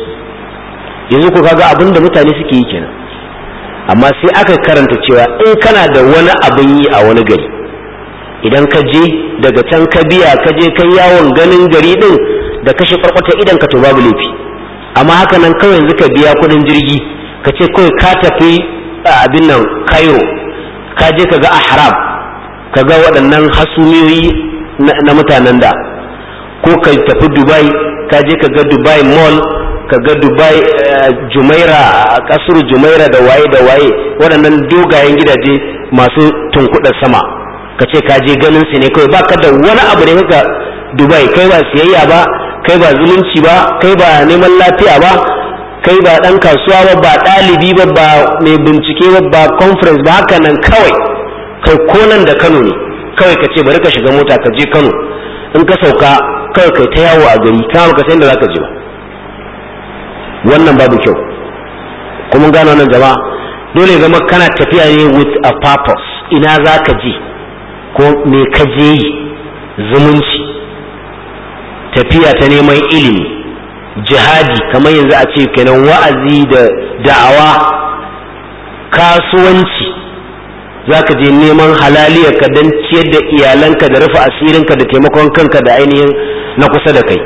yanzu ko kaga abinda mutane suke yi kenan amma sai aka karanta cewa in kana da wani abin yi a wani gari idan ka je daga can ka biya ka je kai yawon ganin gari din da kashe farkwata idan ka to babu laifi amma haka nan kawai yanzu ka biya kudin jirgi ka ce kawai ka tafi abin nan cairo ka je ka ga haram ka ga waɗannan hasumiyoyi na mutanen da ko ka tafi dubai ka je ka ga dubai mall Ka ga dubai eh, jumaira Kasar jumaira da waye da waye waɗannan dogayen gidaje masu tunkuɗar sama ka ce ka je ganin su ne kawai ba ka da wani abu da kaka dubai kai ba siyayya ba kai ba zumunci ba kai ba neman lafiya ba kai ba ɗan kasuwa ba ba ɗalibi ba ba mai bincike ba ba conference ba haka nan kawai kai ko nan da kano ne kawai ka ce bari ka shiga mota ka je kano in ka sauka kawai kai ta yawo a gari kama ka san da za ka je ba wannan babu kyau kuma gano nan jama'a dole zama kana tafiya ne with a purpose ina za ka je ko me ka je yi zumunci tafiya ta neman ilimi jihadi kamar yanzu a ce kenan wa'azi da da'awa kasuwanci za ka je neman ka don ciyar da iyalanka da rufe asirinka da taimakon kanka da ainihin na kusa da kai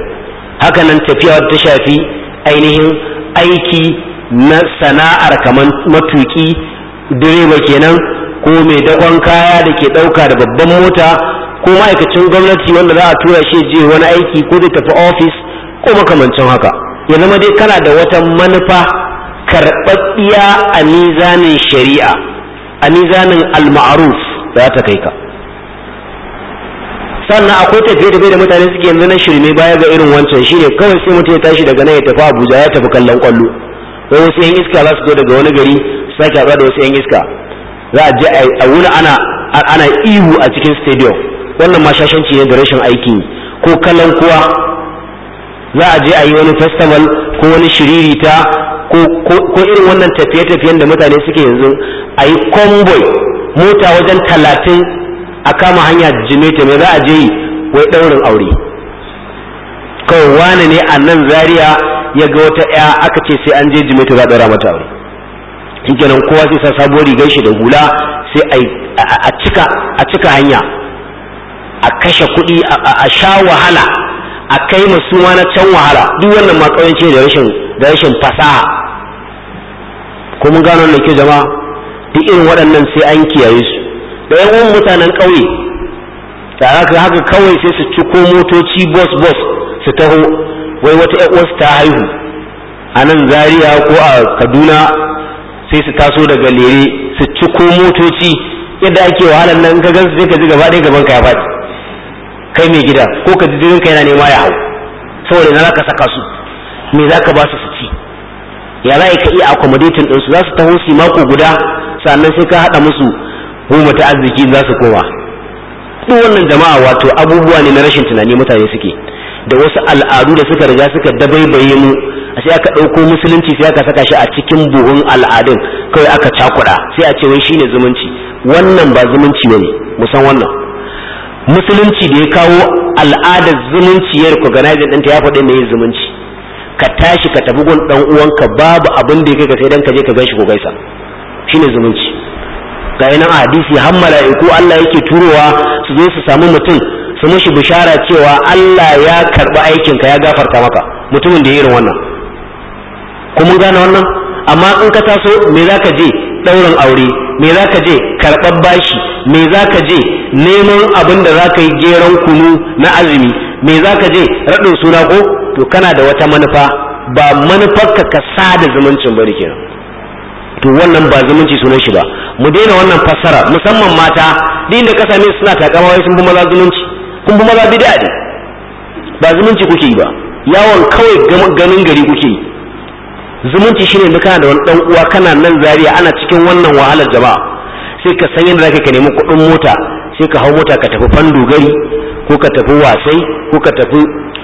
hakanan tafiya ta shafi ainihin aiki na sana'ar kamar matuki direba kenan ko mai dakon kaya da ke ɗauka da babban mota ko ma'aikacin gwamnati wanda za a tura shi je wani aiki ko zai tafi ofis ko makamancin haka ya zama dai kana da wata manufa karɓaɓɓiya a nizanin shari'a a nizanin al-ma'ruf za ta kai ka sannan akwai tafiye tafiye da mutane suke yanzu na shirme baya ga irin wancan shine kawai sai mutum ya tashi daga nan ya tafi Abuja ya tafi kallon kwallo ko wasu yan iska za su zo daga wani gari su sake haɗuwa da wasu yan iska za a je a wuna ana ana ihu a cikin stadium wannan ma shashanci ne da rashin aiki ko kallon kuwa za a je a yi wani festival ko wani shiririta ko irin wannan tafiye-tafiyen da mutane suke yanzu a yi convoy mota wajen talatin a kama hanya jimeta me za a je yi wai ɗaurin aure kawai wani ne a nan Zariya ya ga wata ya aka ce sai an je jimeta za a ɗaura mata aure shikenan kowa sai sa sabuwar rigar shi da hula sai a cika hanya a kashe kuɗi a sha wahala a kai masu na can wahala duk wannan ma ƙauyenci da rashin da rashin fasaha kuma mun gano wannan ke jama'a duk irin waɗannan sai an kiyaye su da yawan mutanen ƙauye da haka haka kawai sai su ciko motoci bos bos su taho wai wata ƴan ta haihu a nan zaria ko a kaduna sai su taso daga lere su ciko motoci yadda ake wahalar nan ka gan su ka ji gaba ɗaya gaban ka ya faɗi kai mai gida ko ka ji jirin ka yana nema ya hau saboda na ka saka su me za ka ba su su ci ya za ka iya accommodating ɗinsu za su taho su mako guda sannan sai ka haɗa musu mu ta arziki za su koma duk wannan jama'a wato abubuwa ne na rashin tunani mutane suke da wasu al'adu da suka riga suka dabaibaye mu a sai aka ɗauko musulunci sai aka saka shi a cikin buhun al'adun kawai aka cakuɗa sai a ce wai shine zumunci wannan ba zumunci bane mu san wannan musulunci da ya kawo al'adar zumunci ya recognize ɗinta ya faɗi mai zumunci ka tashi ka tafi gun ɗan uwanka babu abin da ya kai ka sai dan ka je ka gaishe ko gaisa shine zumunci ga yanan a hadisi har mala'iku Allah yake turowa su zo su samu mutum su mushi bishara cewa Allah ya karɓi aikinka ya gafarta maka mutumin da ya irin wannan kuma gane wannan amma in ka taso me za ka je ɗaurin aure me za ka je karɓar bashi me za ka je neman abin da za ka yi geron kunu na azumi me za ka je raɗin suna ko to kana da wata manufa ba manufarka ka sada zumuncin bari kenan to wannan ba zumunci sunan shi ba mu daina wannan fassara musamman mata duk da ka same suna takama wai sun bi maza zumunci kun bi maza bid'a ne ba zumunci kuke yi ba yawon kawai ganin gari kuke yi zumunci shine da kana da wani dan uwa kana nan zariya ana cikin wannan wahalar jama'a sai ka san yadda zaka ka nemi kuɗin mota sai ka hau mota ka tafi fandu gari ko ka tafi wasai ko ka tafi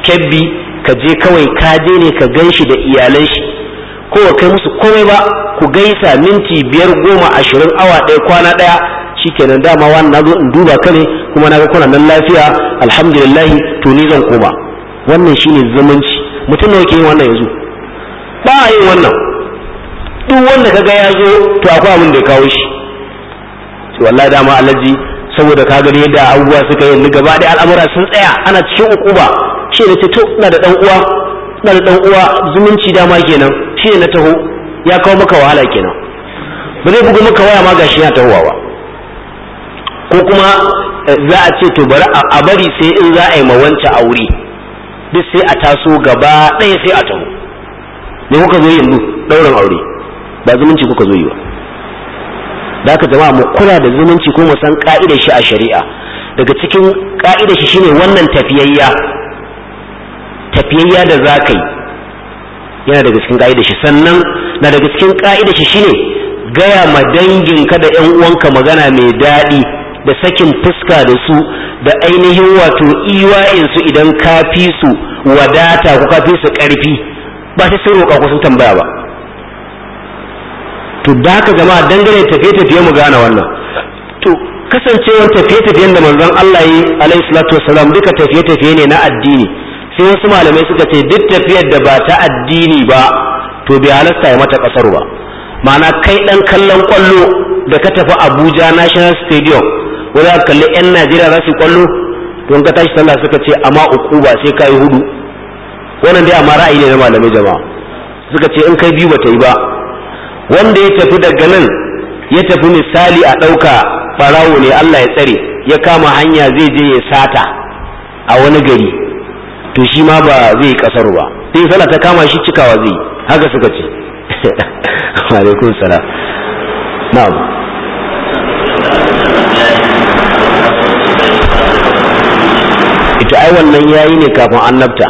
kebbi ka je kawai ka je ne ka gan shi da iyalan shi ko kai musu komai ba ku gaisa minti biyar goma ashirin awa ɗaya kwana ɗaya shikenan dama wani na zo in duba ka ne kuma na ga kuna nan lafiya alhamdulillahi to ni zan koma wannan shine zumunci mutum nawa ke yin wannan yanzu ba a yin wannan duk wanda ka ga ya zo to akwai abin da ya kawo shi wallahi dama laji? saboda ka gani yadda abubuwa suka yi gaba da al'amura sun tsaya ana cikin ukuba shi ne ce to ina da dan uwa ina da dan uwa zumunci dama kenan ce na taho ya kawo maka wahala kenan ba zai bugu maka waya ma gashi ya tahowa ba ko kuma eh, za a ce to bari a bari sai in za a yi mawance aure duk sai a taso gaba ɗaya sai a taho me kuka zo yanzu ɗaurin aure ba zumunci kuka zo yi ba da aka jama'a mu kula da zumunci ko mu san ka'idar shi a shari'a daga cikin ka'idar shi shine wannan tafiyayya tafiyayya da za ka yi yana daga cikin ka'idar shi sannan na daga cikin ka'idar shi shine gaya ma dangin ka da ƴan uwanka magana mai daɗi da sakin fuska da su da ainihin wato iwa'in su idan ka fi su wadata ko ka fi su ƙarfi ba sai sun roƙa ko sun tambaya ba to da haka gama dangane tafiye-tafiye mu gane wannan to kasancewar tafiye-tafiyen da manzon Allah yi alaihi salatu wasalam duka tafiye-tafiye ne na addini sai wasu malamai suka ce duk tafiyar da ba ta addini ba to bai halasta ya mata kasar ba ma'ana kai dan kallon kwallo da ka tafi Abuja National Stadium wani a kalli yan Najeriya za su kwallo to in ka tashi sallah suka ce amma uku ba sai kai hudu wannan dai amma ra'ayi ne na malamai jama'a suka ce in kai biyu ba ta yi ba wanda ya tafi daga nan ya tafi misali a ɗauka barawo ne Allah ya tsare ya kama hanya zai je ya sata a wani gari to shi ma ba zai kasar ba sai sana ta kama shi cikawa zai haka suka ce alaikum salam na'am ita ai wannan yayi ne kafin annabta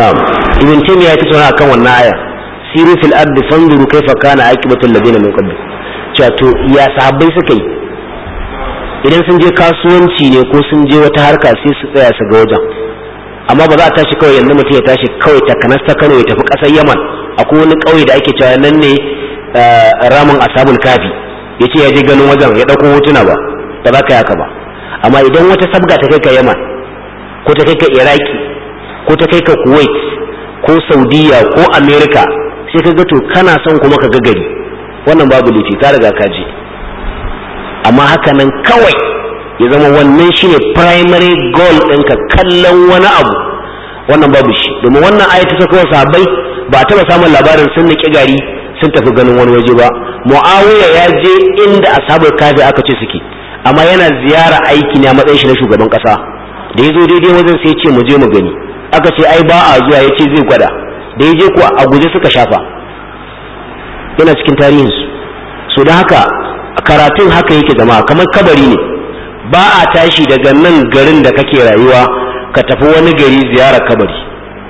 na'am ibn ne ya tattauna akan wannan ayar. siru fil ardi fanzuru kaifa kana aqibatul ladina min qabl cewa to ya sahabbai suka yi idan sun je kasuwanci ne ko sun je wata harka sai su tsaya su ga wajen amma ba za a tashi kawai yanzu mutum ya tashi kawai ta kanasta Kano ya tafi kasar Yaman akwai wani kauye da ake cewa nan ne eh, ramin asabul kafi yace ya je ganin wajen ya dauko hotuna ba ba za ka yaka ba amma idan wata sabga ta kai ka Yaman ko ta kai ka Iraki ko ta kai ka Kuwait ko Saudiya ko America sai ka ga to kana son kuma ka ga gari wannan babu laifi ta riga ka je amma haka nan kawai ya zama wannan shi ne primary goal ɗinka kallon wani abu wannan babu shi domin wannan aya ta saka sahabbai ba taɓa samun labarin sun niƙi gari sun tafi ganin wani waje ba mu'awiya ya je inda asabar kafi aka ce suke amma yana ziyara aiki ne a matsayin shi na shugaban ƙasa da ya zo daidai wajen sai ce mu je mu gani aka ce ai ba a zuwa ya ce zai gwada da ya je kuwa a guje suka shafa yana cikin tarihin su so da haka karatun haka yake zama kamar kabari ne ba a tashi daga nan garin da kake rayuwa ka tafi wani gari ziyara kabari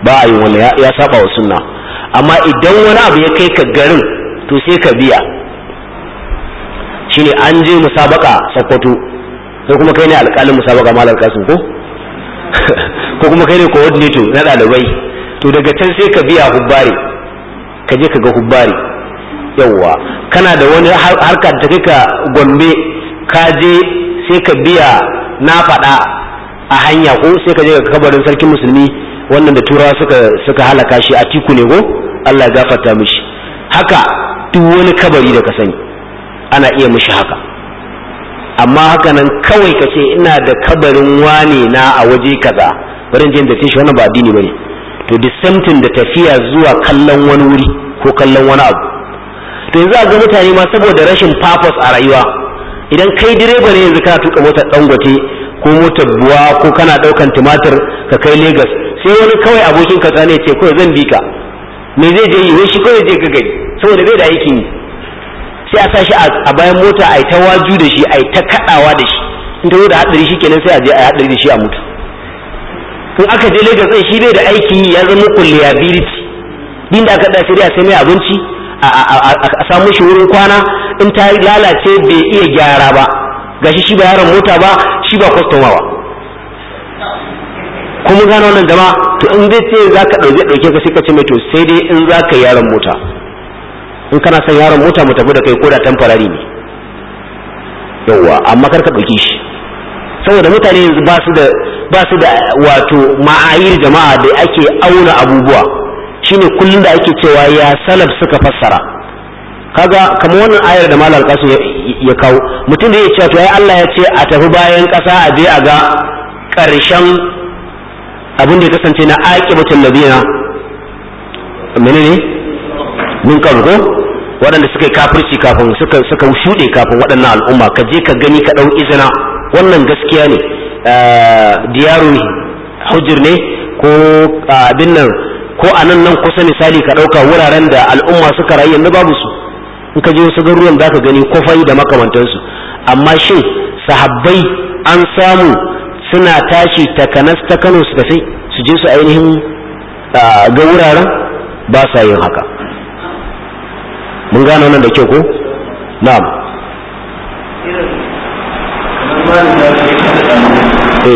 ba a yi wani ya saba wa sunna amma idan wani abu ya kai ka garin to sai ka biya shine an je musabaka Sokoto ko kuma kai ne alƙalin musabaka malar kasu ko ko kuma kai ne coordinator na ɗalibai to daga can sai ka biya hubbari ka je ka ga hubbari yawwa kana da wani harka da kai ka gombe ka je sai ka biya na faɗa a hanya ko sai ka je ga kabarin sarkin musulmi wannan da turawa suka suka halaka shi a tiku ne ko Allah ya gafarta mishi haka duk wani kabari da ka sani ana iya mishi haka amma haka nan kawai ka ce ina da kabarin wane na a waje kaza bari in je da shi wannan ba addini bane to dissentin da tafiya zuwa kallon wani wuri ko kallon wani abu to yanzu a ga mutane ma saboda rashin purpose a rayuwa idan kai direba ne yanzu kana tuka motar dangote ko motar buwa ko kana daukan tumatir ka kai Lagos sai wani kawai abokin ka tsane ce kawai zan bi ka me zai je yi shi kawai zai ga gari saboda bai da aikin yi sai a sa shi a bayan mota a yi ta waju da shi a yi ta kaɗawa da shi in ta zo da haɗari shi kenan sai a je a haɗari da shi a mutu in aka je Lagos ɗin shi bai da aiki ya zama kuliyability din da aka da sai a sai mai abinci a samu shi wurin kwana in ta lalace bai iya gyara ba gashi shi ba yaron mota ba shi ba kwastoma ba kuma gane wannan dama to in zai ce za ka ɗauke ɗauke ka sai ka ce mai to sai dai in za ka yaron mota in kana son yaron mota mu tafi da kai koda tamfarari ne yawwa amma kar ka ɗauki shi saboda mutane yanzu ba su da ba su da wato ma'ayir jama'a da ake auna abubuwa shine kullum da ake cewa ya salaf suka fassara kaga kamar wannan ayar da malar kasu ya kawo mutum da ya ce to Allah ya ce a tafi bayan kasa a je a ga karshen abin da ya kasance na aqibatul ladina menene mun kabu waɗanda suka yi kafirci kafin suka suka shuɗe kafin waɗannan al'umma ka je ka gani ka ɗau izina wannan gaskiya ne diyaru ne ne ko abin nan ko a nan nan kusa misali ka ɗauka wuraren da al'umma suka rayu yanzu babu su in ka je wasu garuruwan za ka gani kofai da makamantansu amma shin sahabbai an samu suna tashi takanas ta kano su sai su je su ainihin ga wuraren ba sa yin haka mun gano nan da kyau ko na'am Eh. Eh.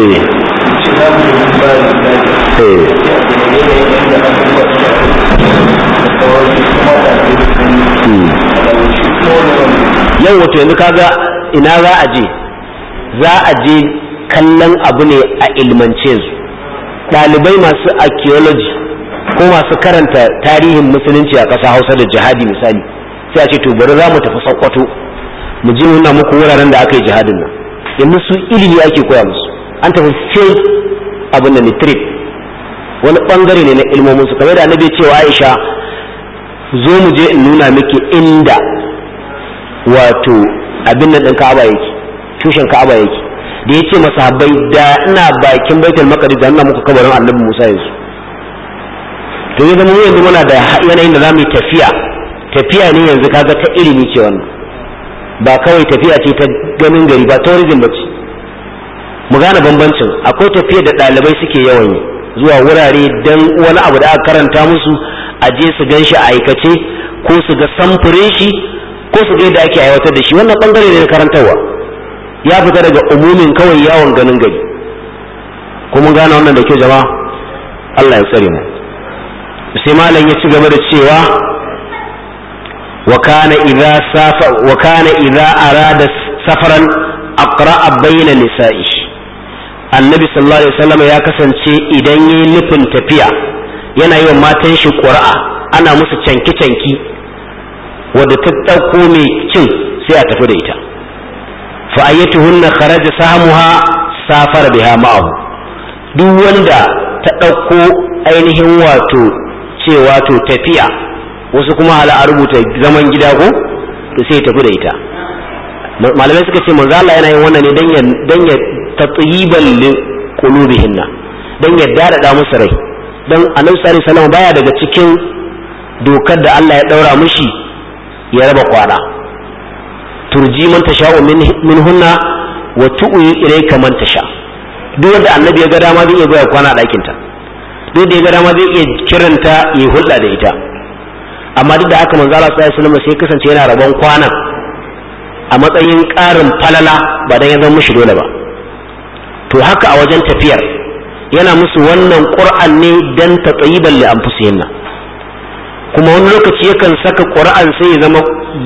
yau wato yanzu kaga ina za a je za a je kallon abu ne a ilmance su ɗalibai masu archaeology ko masu karanta tarihin musulunci a ƙasa hausa da jihadi misali sai a ce to bari za mu tafi sokoto mu je muna muku wuraren da aka yi jihadin nan yanzu su ilimi ake koya musu an tafi field abin da nitrit wani bangare ne na ilmomin su kamar da annabi wa Aisha zo mu je in nuna miki inda wato abin nan din Ka'aba yake tushen Ka'aba yake da yace masahabai da ina bakin Baitul Maqdis da ina muku kabarin Annabi Musa yanzu to ya zama yanzu muna da yanayin da zamu yi tafiya tafiya ne yanzu kaga ta ilimi ce wannan ba kawai tafiya ce ta ganin gari ba tourism ba ce mu gane bambancin akwai tafiya da ɗalibai suke yawan yi zuwa wurare don wani abu da aka karanta musu a je su gan shi a aikace ko su ga samfurin shi ko su ga yadda ake aiwatar da shi wannan bangare ne na karantarwa ya fita daga umumin kawai yawon ganin gari ko mun gane wannan da kyau jama'a Allah ya tsare mu sai malam ya ci gaba da cewa wa kana idza safa wa kana idza arada safaran aqra'a annabi sallallahu alaihi wasallam ya kasance idan yi nufin tafiya yana yi wa matan shi ƙura'a ana musu canki-canki wadda ta ɗauko mai cin sai a tafi da ita fa'ayyatuhunna kharaja samuha safar biha ma'ahu duk wanda ta ɗauko ainihin wato ce wato tafiya wasu kuma hala a rubuta zaman gida ko to sai tafi da ita malamai suka ce manzo Allah yana yin wannan ne dan ya tatyiban li qulubihinna dan ya dadada musu rai dan annabi sallallahu alaihi wasallam baya daga cikin dokar da Allah ya daura mushi ya raba kwana turji man tasha'u hunna wa tu'i ilayka man tasha duk wanda annabi ya ga dama zai iya goya kwana a ɗakin ta duk da ya ga dama zai iya kiranta ya hulɗa da ita amma duk da haka manzo Allah sallallahu alaihi wasallam sai kasance yana rabon kwana a matsayin ƙarin falala ba dan ya zama mushi dole ba to haka a wajen tafiyar yana musu wannan qur'an ne dan tatayiban li anfusihinna kuma wani lokaci yakan saka qur'an sai ya zama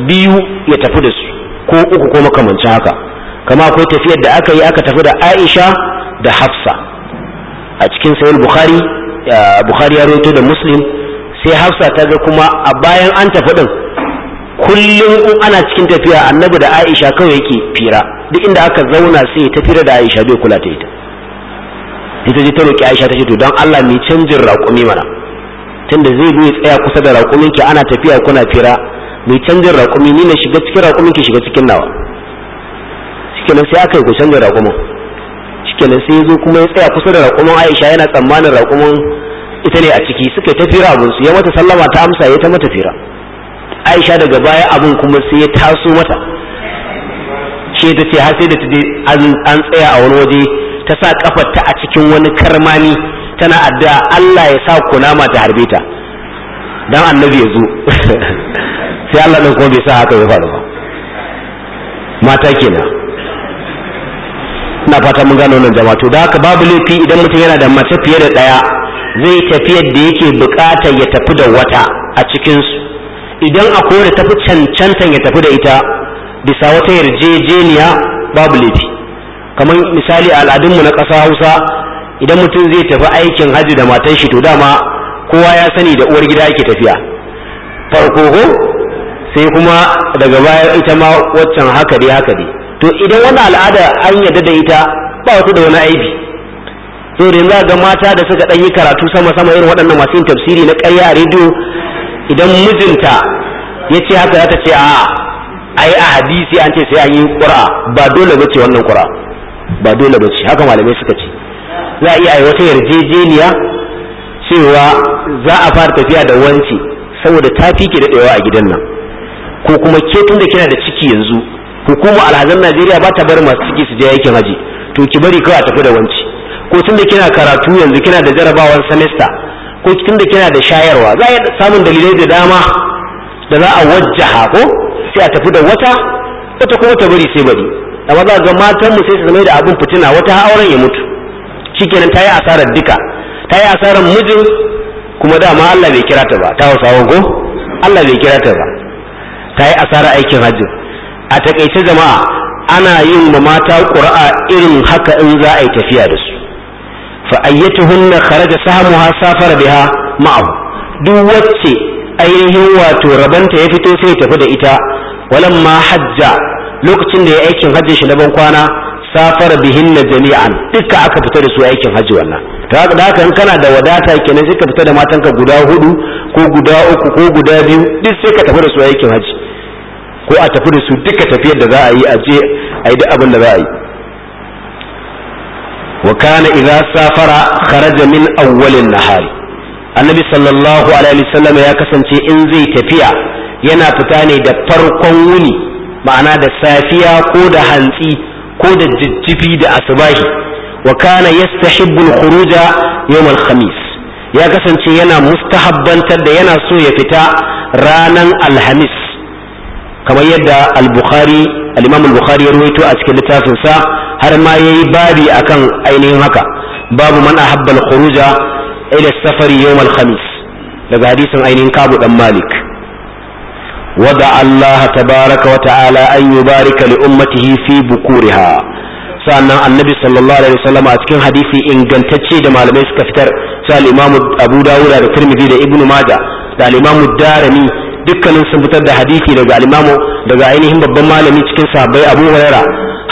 biyu ya tafi da su ko uku ko makamancin haka kama akwai tafiyar da aka yi aka tafi da Aisha da Hafsa a cikin sahih Bukhari eh, Bukhari ya rawaito da Muslim sai Hafsa ta ga kuma a bayan an tafi din kullum in ana cikin tafiya annabi da aisha kawai yake fira duk inda aka zauna sai ya tafira da aisha bai kula ta ita ita ji ta roki aisha ta ce to don allah ni canjin raƙumi mana tunda zai zo tsaya kusa da raƙumin ki ana tafiya kuna fira ni canjin raƙumi ni na shiga cikin raƙumin ki shiga cikin nawa shikenan sai aka yi ku canjin raƙumin shikenan sai ya zo kuma ya tsaya kusa da raƙumin aisha yana tsammanin raƙumin ita ne a ciki suka yi ta fira abinsu ya mata sallama ta amsa ya ta mata fira aisha daga baya abin kuma sai ya taso mata ce ta ce har sai da an tsaya a wani waje ta sa kafarta a cikin wani karmani tana addu'a Allah ya sa kunama ta harbe ta dan annabi ya zo sai Allah ɗin kuma bai sa haka ya faru ba mata kenan ina fata mun gano nan jama'a to da haka babu laifi idan mutum yana da mace fiye da ɗaya zai tafiyar da yake buƙatar ya tafi da wata a cikinsu idan akwai wanda tafi cancantan ya tafi da ita bisa wata yarjejeniya babu laifi kamar misali a al'adunmu na ƙasa hausa idan mutum zai tafi aikin hajji da matan shi to dama kowa ya sani da uwar gida yake tafiya farko ko sai kuma daga baya ita ma waccan haka dai haka dai to idan wani al'ada an yarda da ita ba wata da wani aibi to da yanzu ga mata da suka ɗan yi karatu sama sama irin waɗannan masu yin tafsiri na ƙarya a rediyo idan mijinta ya ce haka za ta ce a ai a hadisi an ce sai an yi kura ba dole ba ce wannan kura ba dole ba ce haka malamai suka ce za a iya ai wata yarjejeniya cewa za a fara tafiya da wanci saboda ta fi ke daɗewa a gidan nan ko kuma ke tun da kina da ciki yanzu hukumar alhazan najeriya ba ta bar masu ciki su je aikin haji to ki bari kawai a tafi da wanci ko tun da kina karatu yanzu kina da jarabawar semester ko tunda kina da shayarwa za a samun dalilai da dama da za a wajjaha ko sai a tafi da wata wata kuma ta bari sai bari amma za ga matan mu sai su zama da abin fitina wata auren ya mutu shikenan ta yi asarar duka ta yi asarar mijin kuma dama Allah bai kira ta ba ta wasa ko Allah bai kira ta ba ta yi asarar aikin hajji a takaice jama'a ana yin ma mata irin haka in za a yi tafiya da su fa ayyatuhunna kharaja samuha safara biha ma'ahu wacce ainihin wato rabanta ya fito sai ya tafi da ita ma hajja lokacin da ya aikin hajji shi na ban kwana safara bihinna jami'an duka aka fita da su aikin hajji wannan ta da haka in kana da wadata kenan sai ka fita da matanka guda hudu ko guda uku ko guda biyu duk sai ka tafi da su aikin hajji ko a tafi da su duka tafiyar da za a yi a je a yi duk abin da za a yi wa kana safara kharaja min awwalin nahari annabi sallallahu alaihi wasallam ya kasance in zai tafiya yana fita ne da farkon wuni ma'ana da safiya ko da hantsi ko da jijjifi da asubahi wa kana yastahibbu al-khuruja yawm khamis ya kasance yana mustahabbantar da yana so ya fita ranan alhamis kamar yadda al al-Imam al ya ruwaito a cikin littafin sa har ma yayi babi a kan ainihin haka babu man ahabba al-khuruja ila safari yawm khamis daga hadisin ainihin Kabu dan Malik wada Allah tabaraka wa ta'ala an yubarika li ummatihi fi bukuriha sannan annabi sallallahu alaihi wasallam a cikin hadisi ingantacce da malamai suka fitar sai al-Imam Abu Dawud da Tirmidhi da Ibn Majah da al-Imam Darimi dukkanin sun fitar da hadisi daga al daga ainihin babban malami cikin sahabbai Abu Huraira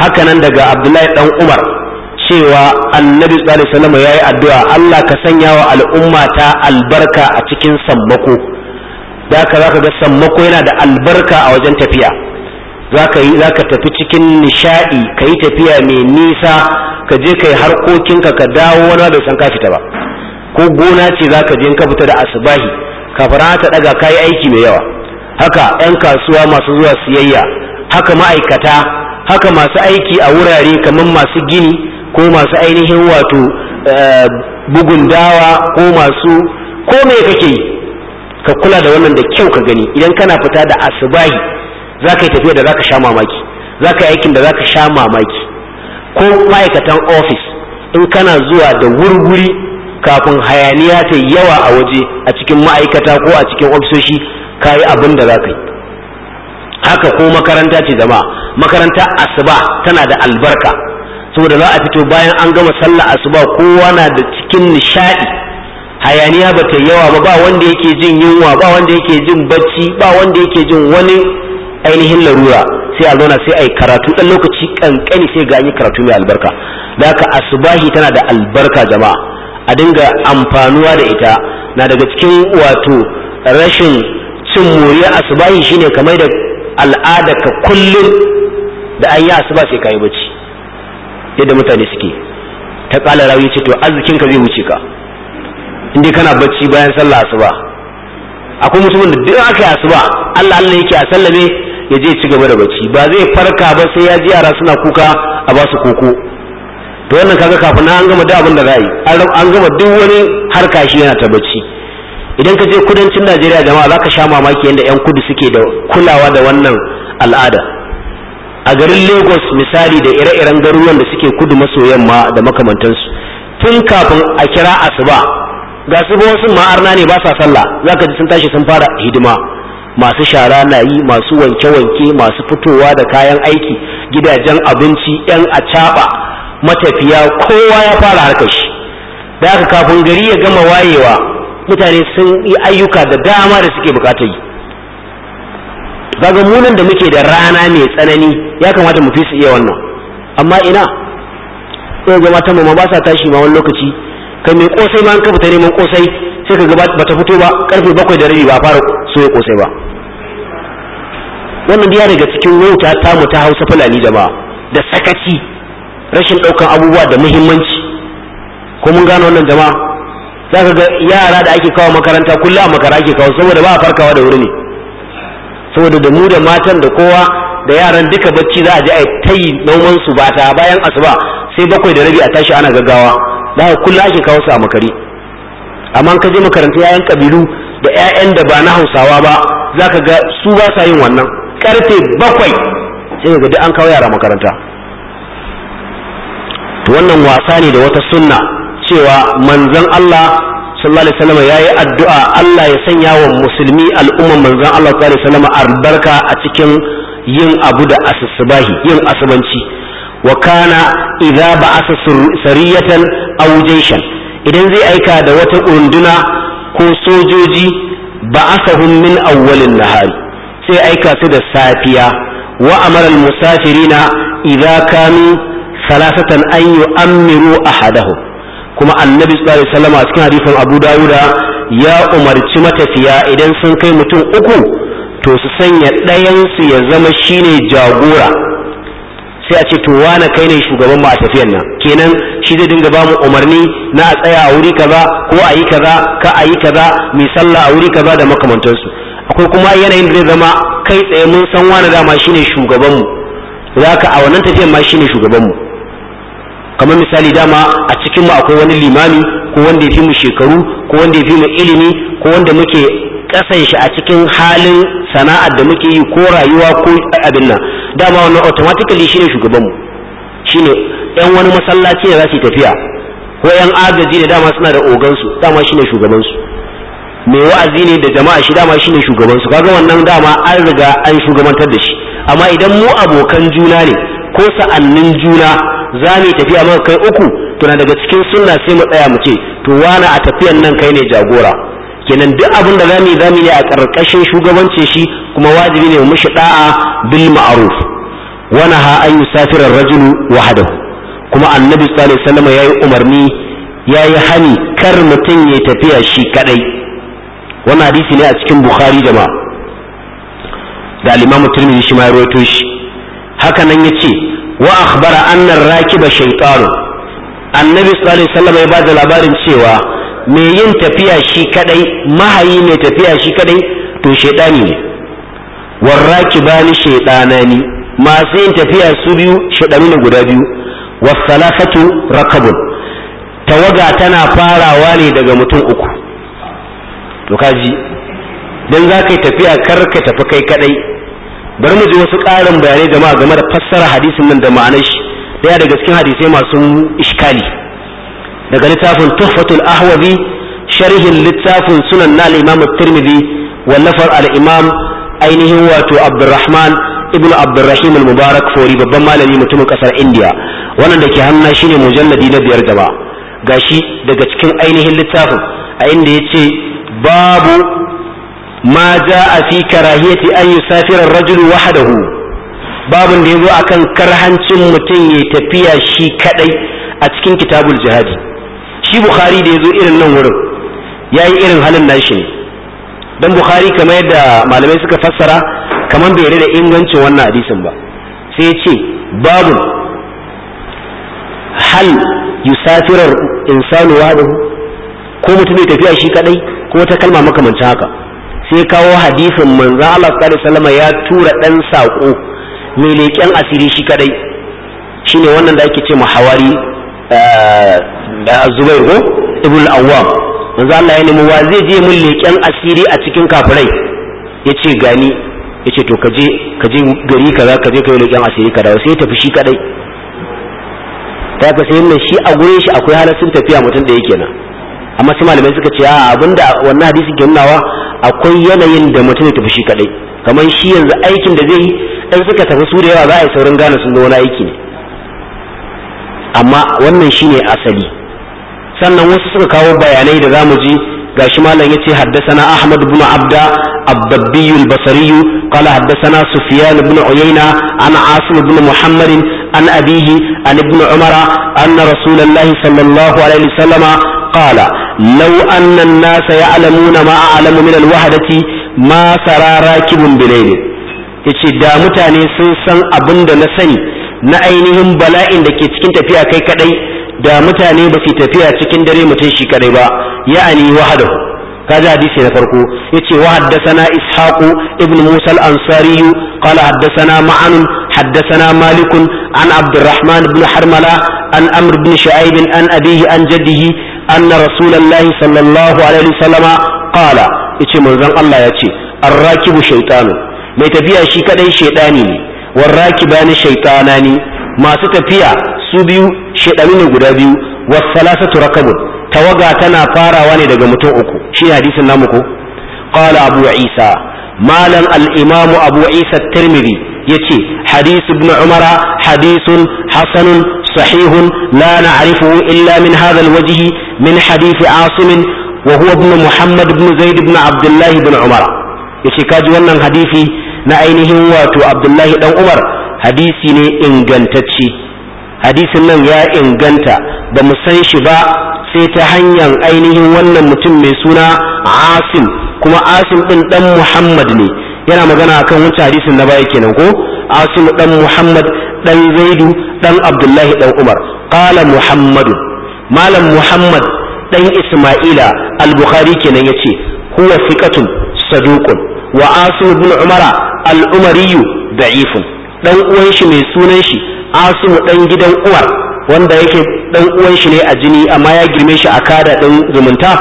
haka nan daga Abdullahi dan Umar cewa Annabi sallallahu alaihi wasallam yayi addu'a Allah ka sanya wa al'umma ta albarka a cikin sammako da haka zaka ga sammako yana da albarka a wajen tafiya zaka yi zaka tafi cikin nishadi kai tafiya mai nisa ka je kai harkokinka ka dawo wani bai san ka fita ba ko gona ce zaka je ka fita da asubahi kafara ta daga kayi aiki mai yawa haka 'yan kasuwa masu zuwa siyayya haka ma'aikata haka masu aiki a wurare kamar masu gini ko masu ainihin wato eh, bugun dawa ko masu ko me kake yi ka kula da wannan da kyau ka gani idan kana fita da asubahi za ka yi tafiya da za ka sha mamaki za ka yi aikin da za ka sha mamaki ko ma'aikatan ofis in kana zuwa da wurwuri kafin hayaniya ta yawa a waje a cikin ma'aikata ko a cikin ofisoshi ka yi abin da za ka yi haka ko makaranta ce zama makaranta asuba tana da albarka saboda za a fito bayan an gama sallah asuba kowa na da cikin nishaɗi hayaniya ba ta yawa ba ba wanda yake jin yunwa ba wanda yake jin bacci ba wanda yake jin wani ainihin larura sai a zauna sai a yi karatu ɗan lokaci kankani sai ga yi karatu mai albarka da haka asubahi tana da albarka jama'a a dinga amfanuwa da ita na daga cikin wato rashin cin moriya asubahi shine kamar da al'ada ka kullum da an yi asuba sai ka yi bacci yadda mutane suke ta kala rawi ce to arzikin ka zai wuce ka inda kana bacci bayan sallah asuba akwai musulmin da duk aka yi asuba Allah Allah yake a sallame ya je ci gaba da bacci ba zai farka ba sai ya ji yara suna kuka a ba su koko to wannan kaga kafin an gama duk abin da za yi an gama duk wani harka shi yana ta bacci idan ka je kudancin najeriya jama'a za ka sha mamaki yadda 'yan kudu suke da kulawa da wannan al'ada a garin lagos misali da ire-iren garuruwan da suke kudu maso yamma da makamantansu tun kafin a kira asuba ga su ba wasu ma'arna ne ba sa sallah za ka ji sun tashi sun fara hidima masu shara na yi masu wanke-wanke masu fitowa da kayan aiki gidajen abinci 'yan acaɓa matafiya kowa ya fara harkar shi da aka kafin gari ya gama wayewa mutane sun yi ayyuka da dama da suke bukatar yi daga munan da muke da rana mai tsanani ya kamata mu fi su iya wannan amma ina sai ga ta ma ba sa tashi ma wani lokaci kai mai kosai ma an ka fita neman kosai sai ka ga bata fito ba karfe bakwai da rabi ba fara soya kosai ba wannan diya daga cikin wauta ta mu ta Hausa Fulani ba, da sakaci rashin ɗaukan abubuwa da muhimmanci ko mun gane wannan jama'a za ga yara da ake kawo makaranta kullum a makara ake kawo saboda ba a farkawa da wuri ne saboda da mu da matan da kowa da yaran duka bacci za a je a tayi noman su ba ta bayan asuba sai bakwai da rabi a tashi ana gaggawa ba ka kullum ake kawo su a makari amma ka je makaranta yayan kabilu da 'ya'yan da ba na hausawa ba zaka ga su ba sa yin wannan karfe bakwai sai ga duk an kawo yara makaranta wannan wasa ne da wata sunna cewa manzon Allah sallallahu alaihi wasallam yayi addu'a Allah ya sanya wa musulmi al'umma manzon Allah sallallahu alaihi wasallam albarka a cikin yin abu da asusubahi yin asubanci wa kana idza ba'asa sariyatan aw jayshan idan zai aika da wata runduna ko sojoji ba'asahum min awwalin nahari sai aika su da safiya wa amara al-musafirina idza kanu salasatan an yu'ammiru ahadahum kuma annabi sallallahu alaihi wasallam a cikin hadisin Abu Dawuda ya umarci matafiya idan sun kai mutum uku to su sanya ɗayan su ya zama shine jagora sai a ce to wane kai ne shugaban mu a tafiyan nan kenan shi zai dinga ba mu umarni na a tsaya a wuri kaza ko a yi kaza ka a yi kaza mai sallah a wuri kaza da makamantansu akwai kuma yanayin da zai zama kai tsaye mun san wani dama shine shugaban za ka a wannan tafiyan ma shine mu. kamar misali dama a cikin akwai wani limami ko wanda ya fi mu shekaru ko wanda ya fi mu ilimi ko wanda muke kasan shi a cikin halin sana'ar da muke yi ko rayuwa ko abin nan dama wannan automatically shine shugabanmu shine yan wani masallaci da za su tafiya ko yan agaji da dama suna da ogansu dama shine shugabansu mai wa'azi ne da jama'a shi dama shine shugabansu kaga wannan dama an riga an shugabantar da shi amma idan mu abokan juna ne ko sa'annin juna za mu tafiya man kai uku tuna daga cikin sunna sai mu tsaya mu ce to wani a tafiyan nan kai ne jagora kenan duk abin da zamu yi zamu yi a karkashin shugabanci shi kuma wajibi ne mu mishi da'a bil ma'ruf wana ha an yusafira rajulu wahdahu kuma annabi sallallahu alaihi wasallam yayi umarni yayi hani kar mutum ya tafiya shi kadai wannan hadisi ne a cikin bukhari jama'a da al imam tirmidhi shi ma ya rawaito shi haka nan yace wa akhbara anna rakiba shaytan annabi sallallahu alaihi wasallam ya bada labarin cewa me yin tafiya shi kadai mahayi ne tafiya shi kadai to shaytani ne war rakibani shaytanani masu yin tafiya su biyu shaytani ne guda biyu was salafatu rakabun tawaga tana farawa ne daga mutum uku to kaji dan za ka yi tafiya kar ka tafi kai kadai bari mu ji wasu ƙarin bayanai jama'a game da fassara hadisin nan da ma'anar shi daya daga cikin hadisai masu iskali daga littafin tuhfatul ahwazi sharhin littafin sunan na al-imam at-tirmidhi wallafar al-imam ainihin wato abdurrahman ibnu abdurrahim al-mubarak fori babban malami mutumin kasar indiya wannan da ke hannu shine mujalladi na biyar gaba gashi daga cikin ainihin littafin a inda yace babu ma a fi karahiyati an yusafira ar-rajul wahdahu babun da yazo akan karhancin mutum ya tafiya shi kadai a cikin kitabul jihadi shi bukhari da yazo irin nan wurin yayi irin halin nashi ne dan bukhari kamar yadda malamai suka fassara kamar bai yarda da ingancin wannan hadisin ba sai ya ce babun hal yusafirar insanu wahdahu ko mutum ya tafiya shi kadai ko ta kalma makamancin haka sai kawo hadisin manzo Allah sallallahu alaihi ya tura dan sako mai leƙen asiri shi kadai shine wannan da ake ce ma hawari eh, da Zubair ko Ibn Awwam manzo Allah ya nemi wa zai je mun leƙen asiri a cikin kafirai yace gani yace to kaje kaje gari kaza kaje kai leƙen asiri kaza sai ya tafi shi kadai ta ka sai nan shi a gure shi akwai halaccin tafiya mutum da yake nan amma sai malamai suka ce a abinda wannan hadisi ke nunawa akwai yanayin da mutum ya tafi shi kadai kamar shi yanzu aikin da zai yi in suka tafi su da yawa za a yi saurin gane sun wani aiki ne amma wannan shine asali sannan wasu suka kawo bayanai da zamu ji gashi malam yace haddathana ahmad ibn abda الضبي البصري قال حدثنا سفيان بن عيينة عن عاصم بن محمد عن أبيه عن ابن عمر أن رسول الله صلى الله عليه وسلم قال law anna an-nas na ma a'lamu min al-wahdati ma sarara yace da mutane sun san abin da na sani na ainihin bala'in da ke cikin tafiya kai kadai da mutane ba su tafiya cikin dare mutum shi kadai ba ya'ani wahdahu kaji hadisi na farko yace wa haddathana ishaq ibn musa al-ansari qala haddathana ma'an haddathana malik an abd ibn harmala an amr ibn shu'aib an abihi an jaddihi anna rasulullahi sallallahu alaihi wasallama qala yace manzon Allah ya yace arrakibu shaytanu mai tafiya shi kadai shaytani ne warrakibani shaytanani masu tafiya su biyu shaytanu guda biyu wasalasatu rakabun tawaga tana farawa ne daga mutum uku shi hadisin namu ko qala abu isa malam al-imam abu isa at yace hadisi ibn umara hadithun hasanun sahihun la na'rifuhu illa min hadha alwajh min hadisi asim wa huwa muhammad ibn zaid ibn abdullah ibn umara yace kaji wannan hadisi na ainihin wato abdullahi dan umar hadisi ne ingantacce hadisin nan ya inganta ba mu san shi ba sai ta hanyar ainihin wannan mutum mai suna asim kuma asim din dan muhammad ne yana magana akan wancan hadisin na baya kenan ko asimu dan muhammad dan zaidu dan abdullahi dan umar qala muhammad malam muhammad dan isma'ila al-bukhari kenan yace huwa thiqatun saduqun wa asim ibn umara al-umari da'ifun dan uwan shi mai sunan shi asimu dan gidan uwar wanda yake dan uwan shi ne a jini amma ya girme shi a kada dan zumunta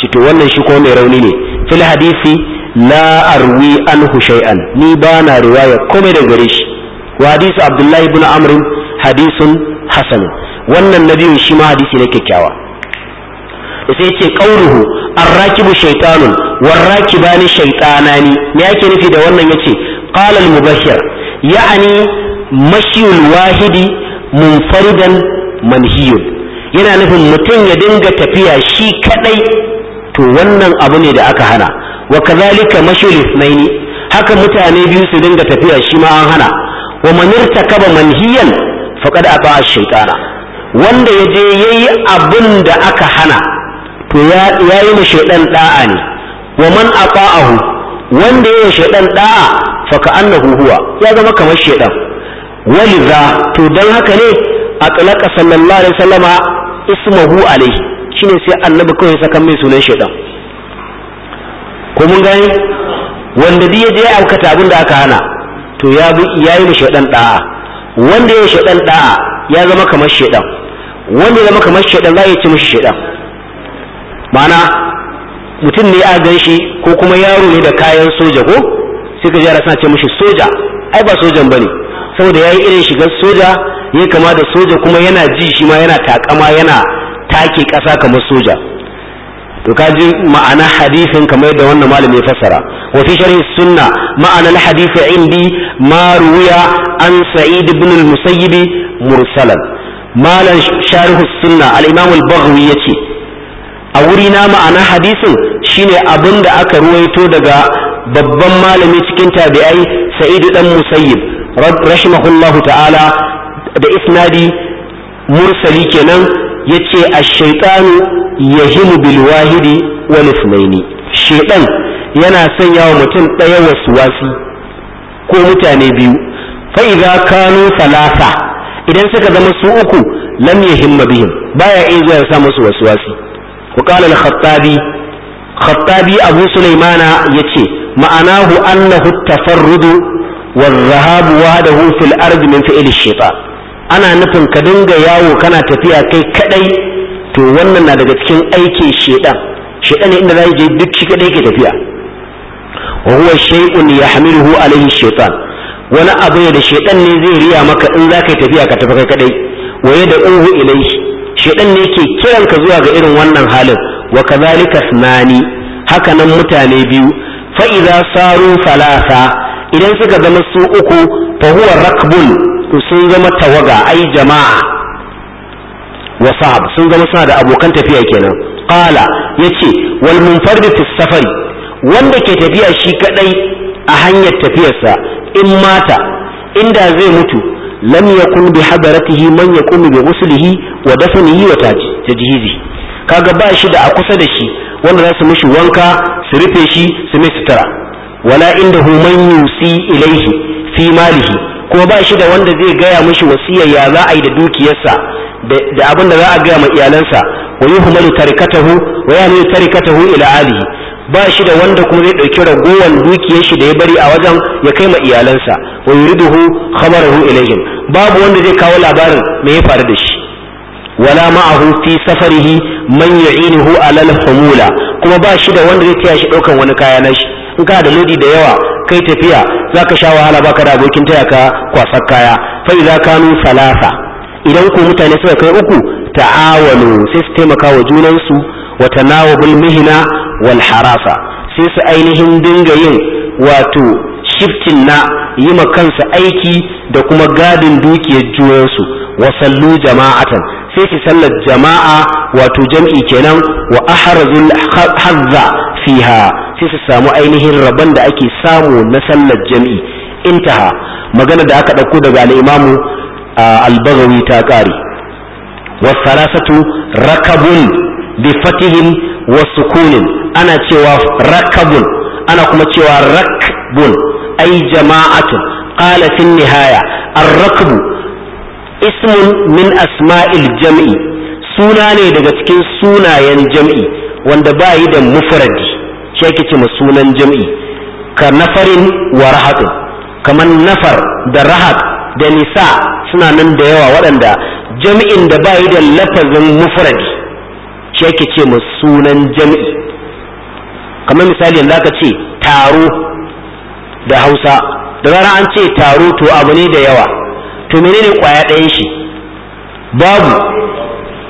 cito wannan shi ko mai rauni ne fil hadisi la arwi anhu shay'an ni ba na riwaya komai da gare shi wa hadisu abdullahi bin amr hadisun hasan wannan nabiyin shi ma hadisi na kyakkyawa sai yace qauluhu arrakibu shaytanun shaitana ni. me yake nufi da wannan yace ƙalal mu mubashir ya'ani mashiyul wahidi munfaridan manhiyun yana nufin mutum ya dinga tafiya shi kaɗai to wannan abu ne da aka hana wa kazalika mashul ithnaini haka mutane biyu su dinga tafiya shi ma an hana wa man irtakaba manhiyan faqad ata shaytana wanda yaje yayi abin da aka hana to ya yayi ma shaytan da'a ne wa man ata'ahu wanda yayi shaytan da'a fa ka'annahu huwa ya zama kamar shaytan waliza to dan haka ne atlaqa sallallahu alaihi wasallama ismuhu alaihi shine sai annabi kawai saka mai sunan shaytan ko mun gani wanda duk ya je ya aukata abin da aka hana to ya bi yayi mu shedan da'a wanda ya shedan da'a ya zama kamar shedan wanda ya zama kamar shedan za ya ci mishi shedan ma'ana mutum ne a gan ko kuma yaro ne da kayan soja ko sai ka ji suna ce mishi soja ai ba sojan bane saboda yayi irin shiga soja ya kama da soja kuma yana ji shi ma yana takama yana take ƙasa kamar soja to kaji ma'ana hadisin kamar yadda wannan malami ya fassara wa fi sharhi sunna ma'ana al-hadith indi ma ruya an sa'id ibn al-musayyib mursalan malan sharhu sunna al-imam al-baghawi yace a wuri na ma'ana hadisin shine abin da aka ruwaito daga babban malami cikin tabi'ai sa'id dan musayyib rahimahullahu ta'ala da isnadi mursali kenan yace ash-shaytanu yahimu bil wahidi wal ithnaini shedan yana sanya wa mutum ɗaya wasuwasi ko mutane biyu fa idza kanu thalatha idan suka zama su uku lam yahimma bihim baya iya zuwa ya sa musu wasuwasi wa qala al khattabi khattabi abu sulaimana yace ma'anahu annahu tafarrudu wa dhahabu wahdahu fil ardi min shaytan ana nufin ka dinga yawo kana tafiya kai kadai to wannan na daga cikin aikin shedan shedan ne inda zai je duk shi kadai yake tafiya wa huwa shay'un yahmiluhu alayhi shaytan wani abu da shedan ne zai riya maka in za tafiya ka tafi kai kadai wa yada uhu ilayhi shedan ne yake kiran ka zuwa ga irin wannan halin wa kadhalika sunani haka nan mutane biyu fa idza saru falasa idan suka zama su uku fa huwa rakbun sun zama tawaga ai jama'a wa sahab sun zama suna da abokan tafiya kenan qala yace wal munfarid fi safari wanda ke tafiya shi kaɗai a hanyar tafiyarsa in mata inda zai mutu lam yakun bi hadaratihi man yaqumu bi ghuslihi wa dafnihi wa tajhizi kaga ba shi da a kusa da shi wanda za su mishi wanka su rufe shi su mai wala indahu man yusi ilaihi fi malihi ko ba shi da wanda zai gaya mishi wasiyar ya za a yi da dukiyarsa da abin da za a gaya ma iyalansa wa yuhmalu tarikatahu wa yahmilu tarikatahu ila alihi ba shi da wanda kuma zai dauki ragowar dukiyar shi da ya bari a wajen ya kai ma iyalansa wa yuriduhu khabarahu ilayhim babu wanda zai kawo labarin me ya faru da shi wala ma'ahu fi safarihi man yu'inuhu ala al-humula kuma ba shi da wanda zai taya shi daukan wani kaya na shi in ka da lodi da yawa kai tafiya za ka sha wahala ba ka da abokin taya ka kwasar kaya fa idza kanu salasa idan ku mutane suka kai uku ta'awalu sai su taimaka wa junansu wa tanawabul mihna wal harasa sai su ainihin dinga yin wato shiftin na yi ma kansu aiki da kuma gadin dukiyar juyansu wa sallu jama'atan sai su sallar jama'a wato jam'i kenan wa ahrazul hazza fiha sai su samu ainihin rabon da ake samu na sallar jam'i intaha magana da aka ɗauko daga al'imamu al-baghawi ta ƙare wa salasatu rakabun bi fatihin wa sukunin ana cewa rakabun ana kuma cewa rakbun أي جماعة قال في النهاية الركب اسم من أسماء الجمع suna ne daga cikin sunayen jam'i wanda ba yi da mufradi shi ake ce sunan jam'i ka nafarin wa rahaɗin kamar nafar da rahaɗ da nisa suna nan da yawa waɗanda jam'in da ba yi da lafazin mufradi shi ake ce sunan jam'i kamar misali yanzu aka ce taro da hausa da zara an ce taro to abu ne da yawa to menene kwaya ɗayan shi babu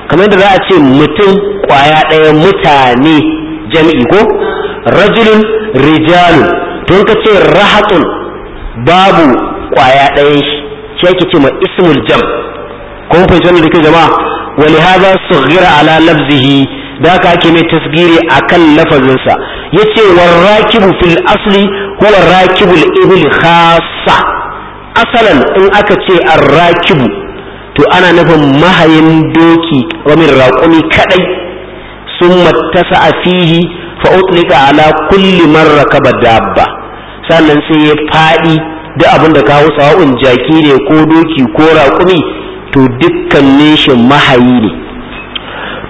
kamar da za a ce mutum kwaya ɗaya mutane jami'i ko rajulun rijalun to ka ce rahatun babu kwaya ɗayan shi shi ake ce ma ismul jam kuma fahimci wannan da ke jama'a ولهذا صغر ala لفظه da haka ake mai tasgiri kan lafazinsa yace rakibu fil asli huwa rakibul ibil khassa asalan in aka ce arrakibu to ana nufin mahayin doki ramin raƙumi sun matasa a fihi fa utlika ala kulli man rakaba dabba sannan sai ya faɗi duk abin da kawo sawa'un jaki ne ko doki ko raƙumi to dukkan shi mahayi ne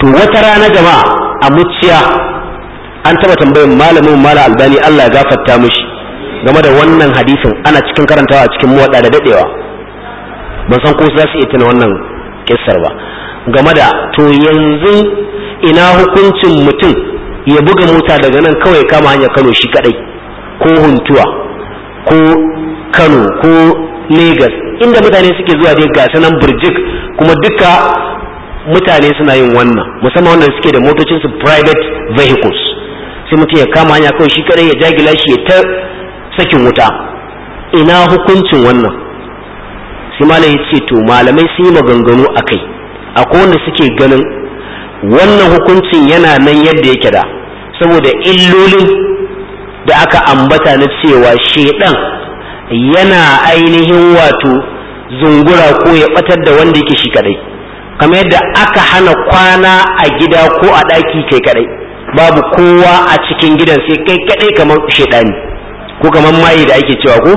to wata rana jama'a a muciya an taba tambayin malamin mala albani Allah ya gafarta mishi game da wannan hadisin ana cikin karantawa a cikin muwadda da dadewa ban san ko za su iya tuna wannan kissar ba game da to yanzu ina hukuncin mutum ya buga mota daga nan kawai kama hanya Kano shi kadai ko huntuwa ko Kano ko Lagos inda mutane suke zuwa dai ga sanan burjik kuma duka mutane suna yin wannan musamman wanda suke da motocinsu private vehicles sai mutum ya kama hanya kawai shi kadai ya jagila shi ya ta sakin wuta ina hukuncin wannan sai malam ya ce to malamai sun yi maganganu a kai akwai wanda suke ganin wannan hukuncin yana nan yadda yake da saboda illolin da aka ambata na cewa shaidan yana ainihin wato zungura ko ya batar da wanda yake shi kadai kamar yadda aka hana kwana a gida ko a ɗaki kai kadai babu kowa a cikin gidan sai kai kadai kamar shaidani ko kamar maye da ake cewa ko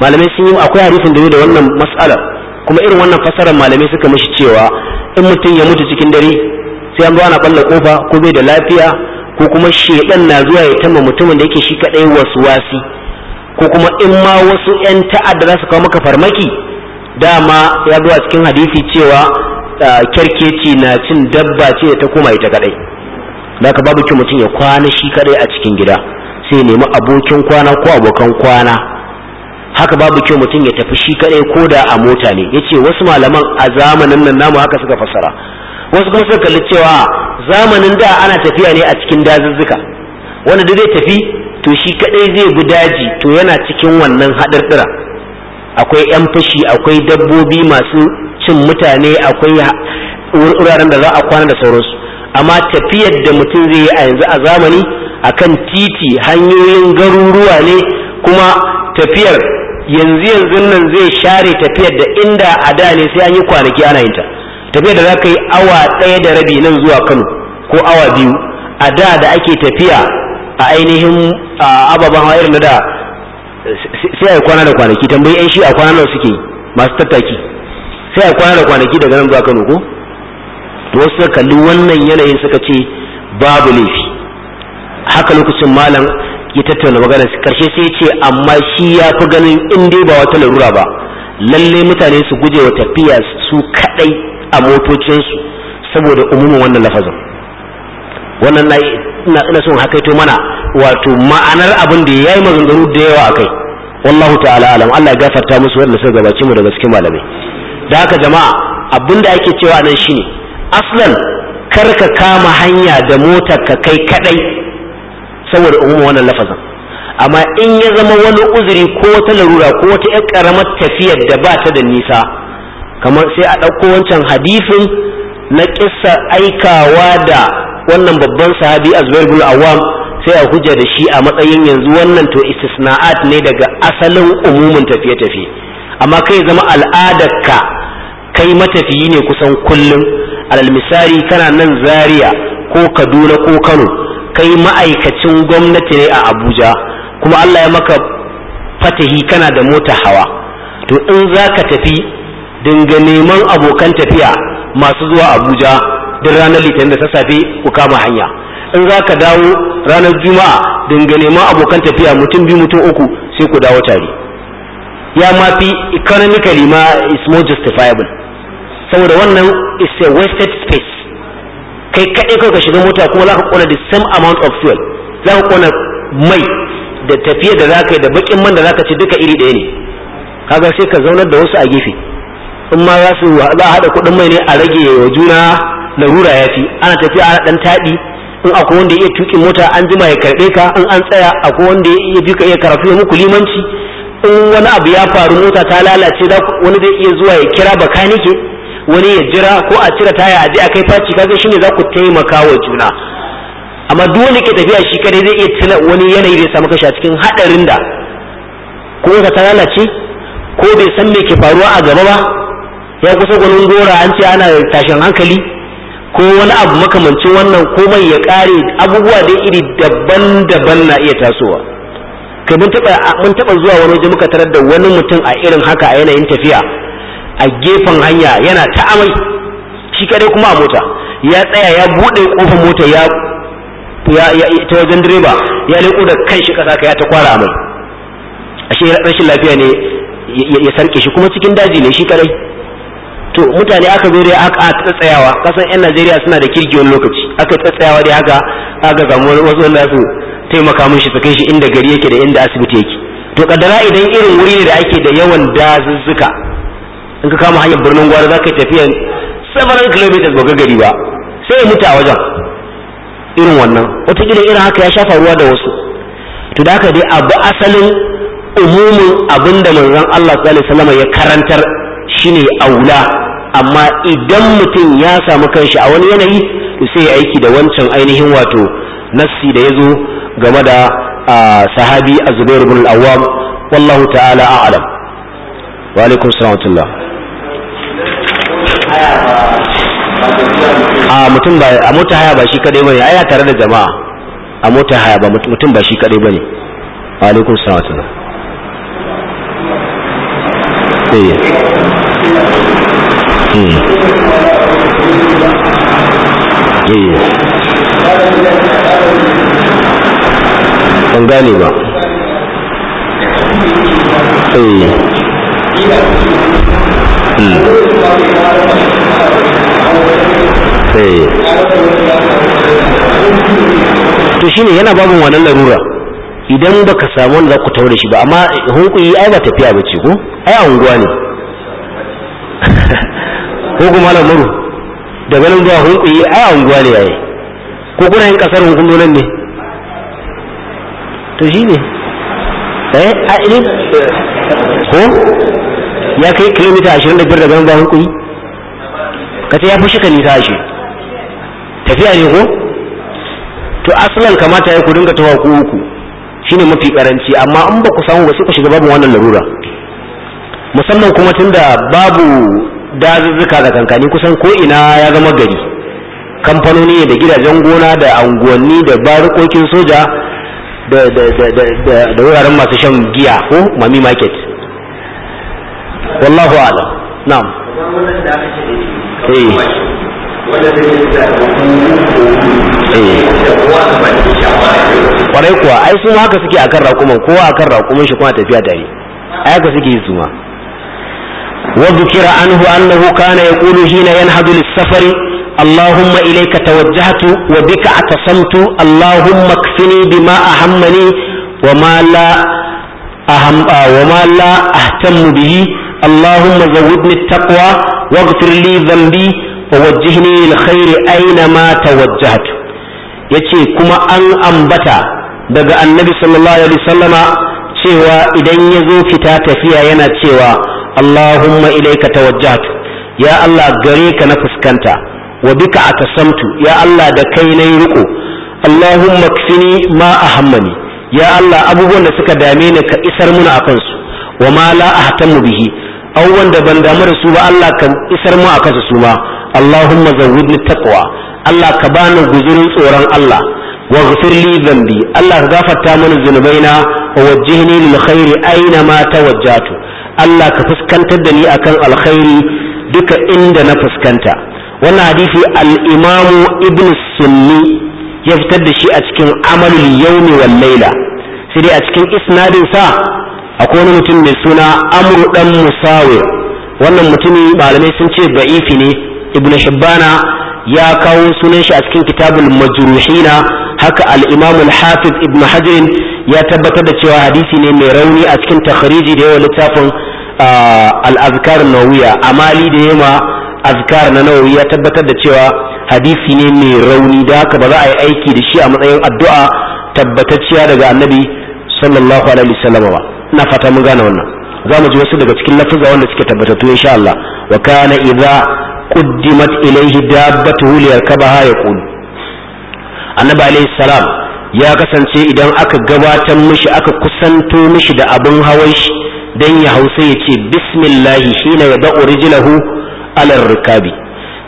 malamai sun yi akwai hadisin da da wannan matsalar. kuma irin wannan fasarar malamai suka mishi cewa in mutum ya mutu cikin dare sai an zo ana balla kofa ko bai da lafiya ko kuma shaidan na zuwa ya tamma mutumin da yake shi kadai wasu wasi ko kuma in ma wasu 'yan ta'adda za su kawo maka farmaki dama ya zuwa a cikin hadisi cewa kyarkeci na cin dabba ce ta koma ita kadai da babu kyau mutum ya kwana shi kadai a cikin gida sai nemi abokin kwana ko abokan kwana haka babu kyau mutum ya tafi shi kadai ko da a mota ne yace wasu malaman a zamanin nan namu haka suka fassara wasu kuma suka kalli cewa zamanin da ana tafiya ne a cikin dazuzzuka wanda duk zai tafi to shi kadai zai bi daji to yana cikin wannan haɗarɗira akwai 'yan fashi akwai dabbobi masu cin mutane akwai wuraren da za a kwana da sauransu amma tafiyar da mutum zai yi a yanzu a zamani a kan titi hanyoyin garuruwa ne kuma tafiyar yanzu yanzu nan zai share tafiyar da inda a da ne sai an yi kwanaki ana yin tafiyar da za ka yi awa ɗaya da rabi nan zuwa kano ko awa biyu a da da ake tafiya a ainihin ababen hawa irin da sai a yi kwana da kwanaki tambayi yan shi a kwana nan suke masu tattaki sai a kwana kwanaki daga nan zuwa Kano ko to wasu suka kalli wannan yanayin suka ce babu laifi haka lokacin malam ya tattauna magana karshe sai ce amma shi ya fi ganin in dai ba wata larura ba lalle mutane su guje wa tafiya su kadai a motocinsu saboda umumin wannan lafazin wannan na ina son haka to mana wato ma'anar abin da yayi maganganu da yawa akai wallahu ta'ala alam Allah ya gafarta musu wanda suka gabace mu daga cikin malamai da haka jama'a abinda ake cewa nan shine aslan kar ka kama hanya da motar ka kai kadai saboda umuma wannan lafazin amma in ya zama wani uzuri ko wata larura ko wata ƴar karamar tafiyar da ba ta da nisa kamar sai a ɗauko wancan hadisin na kissa aikawa da wannan babban sahabi azbair bin awam sai a hujja da shi a matsayin yanzu wannan to istisna'at ne daga asalin umumin tafiye-tafiye amma kai zama al'adarka kai matafiyi ne kusan kullum alal misali kana nan zaria ko kaduna ko kano kai ma'aikacin gwamnati ne a abuja kuma allah ya maka fatahi kana da mota hawa to in za ka tafi dinga neman abokan tafiya masu zuwa abuja duk ranar litinin da ta safe ku kama hanya in za ka dawo ranar juma'a dinga neman abokan tafiya mutum biyu mutum uku sai ku dawo tare ya ma fi economically ma is more justifiable saboda wannan is a wasted space kai kaɗai kawai ka shiga mota kuma za ka kona the same amount of fuel za ka kona mai da tafiya da za ka yi da bakin man da za ka ci duka iri ɗaya ne kaga sai ka zaunar da wasu a gefe in ma za su za a haɗa mai ne a rage wa juna rura ya fi ana tafiya ana ɗan taɗi in akwai wanda ya iya tuƙin mota an jima ya karɓe ka in an tsaya akwai wanda ya bi ka iya karatu ya muku limanci in wani abu ya faru mota ta lalace da wani zai iya zuwa ya kira bakanike wani ya jira ko a cire taya a je a kai faci kaga shine za ku taimaka wa juna amma duk wani ke tafiya shi kadai zai iya tuna wani yanayi zai samu kashi a cikin hadarin da ko ka ta lalace ko bai san me ke faruwa a gaba ba ya kusa gwanin gora an ce ana tashin hankali ko wani abu makamancin wannan komai ya kare abubuwa da iri daban-daban na iya tasowa kai mun taba mun taba zuwa wani waje muka tarar da wani mutum a irin haka a yanayin tafiya a gefen hanya yana ta amai shi kadai kuma a mota ya tsaya ya bude kofar mota ya ta wajen direba ya leko da shi kasa ya ta kwara amai ashe rashin lafiya ne ya sarke shi kuma cikin daji ne shi kadai to mutane aka zo dai aka tsatsayawa kasan yan Najeriya suna da kirgi lokaci aka tsatsayawa dai haka aka zamu wasu wanda su taimaka mun shi kai shi inda gari yake da inda asibiti yake to kaddara idan irin wuri ne da ake da yawan dazuzzuka in ka kama hanyar birnin gwari za ka tafiya several kilometers ba gari ba sai ya a wajen irin wannan gidan irin haka ya shafa ruwa da wasu to da haka dai abu asalin umumin abin da manzon Allah sallallahu alaihi ya karantar shine aula amma idan mutum ya samu kanshi a wani yanayi to sai ya aiki da wancan ainihin wato nassi da ya zo game da sahabi a zubair ibn al-awwam wallahu ta'ala a'lam wa alaikum assalam a mutum ba a mota haya ba shi kadai bane aya tare da jama'a a mota haya ba mutum ba shi kadai bane wa alaikum assalam Yeah. Yeah. Hmm. Eh. an gane ba eh. Hmm. Eh. to shine yana babin wannan larura idan baka samu wanda za ku tawo da shi ba amma hunkuyi ai ba tafiya ba ce ko ai unguwa ne ko kuma lamaru daga nan zuwa hunkuyi ai unguwa ne yayi ko kuna yin kasar hukumu nan ne to shi ne eh a ilim ko ya kai kilomita ashirin da biyar daga gangan ba hukumi ka ce ya fi shika nisa ashe tafiya ne ko to asalan kamata ya ku dinga tawa ku uku shine mafi karanci amma in ba ku samu ba sai ku shiga babu wannan larura musamman kuma tunda babu dazuzzuka da kankani kusan ko ina ya zama gari kamfanoni ne da gidajen gona da unguwanni da barikokin soja da wuraren masu shan giya ko mami market wallahu ala na'am eh. Eh. kwarai kuwa ai su haka suke akan rakuman kowa akan rakuman shi kuma tafiya tare ai haka suke yi su ma وذكر عنه أنه كان يقول حين ينهض lissafari. اللهم إليك توجهت وبك اعتصمت اللهم اكفني بما أهمني وما لا أهم وما لا أهتم به اللهم زودني التقوى واغفر لي ذنبي ووجهني للخير أينما توجهت yace kuma an ambata daga annabi sallallahu alaihi wasallama cewa idan ya zo fita tafiya yana cewa Allahumma ilaika tawajjahtu ya Allah gare ka na fuskanta wa bika samtu. ya Allah da kai nayi riko Allahumma kfini ma ahammani ya Allah abubuwan da suka dame ni ka isar muna a kansu. wa ma la ahtamu bihi aw wanda ban damu da su ba Allah ka isar mu akan su ma Allahumma zawwidni taqwa Allah ka bani guzurin tsoron Allah واغفر لي ذنبي الله غفر aina ذنوبينا wajatu. Allah ka fuskantar da ni akan alkhairi duka inda na fuskanta. wannan hadisi al-imamu ibn sunni ya fitar da shi a cikin amalul yawmi wal laila sai dai a cikin isnadin sa akwai wani mutum mai suna amru dan musawir wannan mutumin malamai sun ce da'ifi ne ibn hibbana ya kawo sunan shi a cikin kitabul majruhina haka al-imamu al-hafiz ibn hajar ya tabbatar da cewa hadisi ne mai rauni a cikin takhriji da yawa littafin ah, al-azkar nawiya amali da yema azkar na nawawi ya tabbatar da cewa hadisi ne mai rauni da haka ba za a yi aiki da shi a matsayin addu'a tabbatacciya daga annabi sallallahu alaihi wasallam ba ina fata mun gane wannan za mu ji wasu daga cikin lafuza wanda suke tabbatattu insha Allah wa kana idza quddimat ilayhi dabbatuhu yarkabaha yaqul annabi alaihi salam ya kasance idan aka gabatar mishi aka kusanto mishi da abin hawan shi dan ya hausa yace ce bismillahi shine ya da'u rijlahu alar rikabi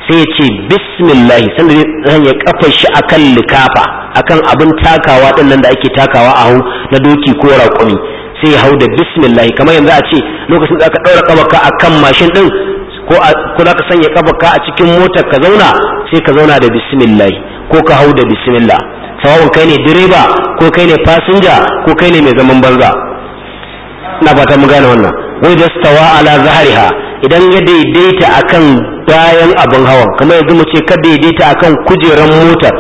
sai ya ce bismillah sanda zai ya kafa shi akan likafa akan abin takawa din nan da ake takawa a hau na doki ko raƙumi sai ya hau da bismillah kamar yanzu a ce lokacin da aka ɗaura kabaka akan mashin ɗin ko ko za ka sanya kabaka a cikin motar ka zauna sai ka zauna da bismillah ko ka hau da bismillah sawa'un kai ne direba ko kai ne fasinja ko kai ne mai zaman banza na fata mu gane wannan wai da stawa ala zahariha idan ya daidaita akan bayan abin hawan kamar yanzu mu ce ka daidaita akan kujerar motar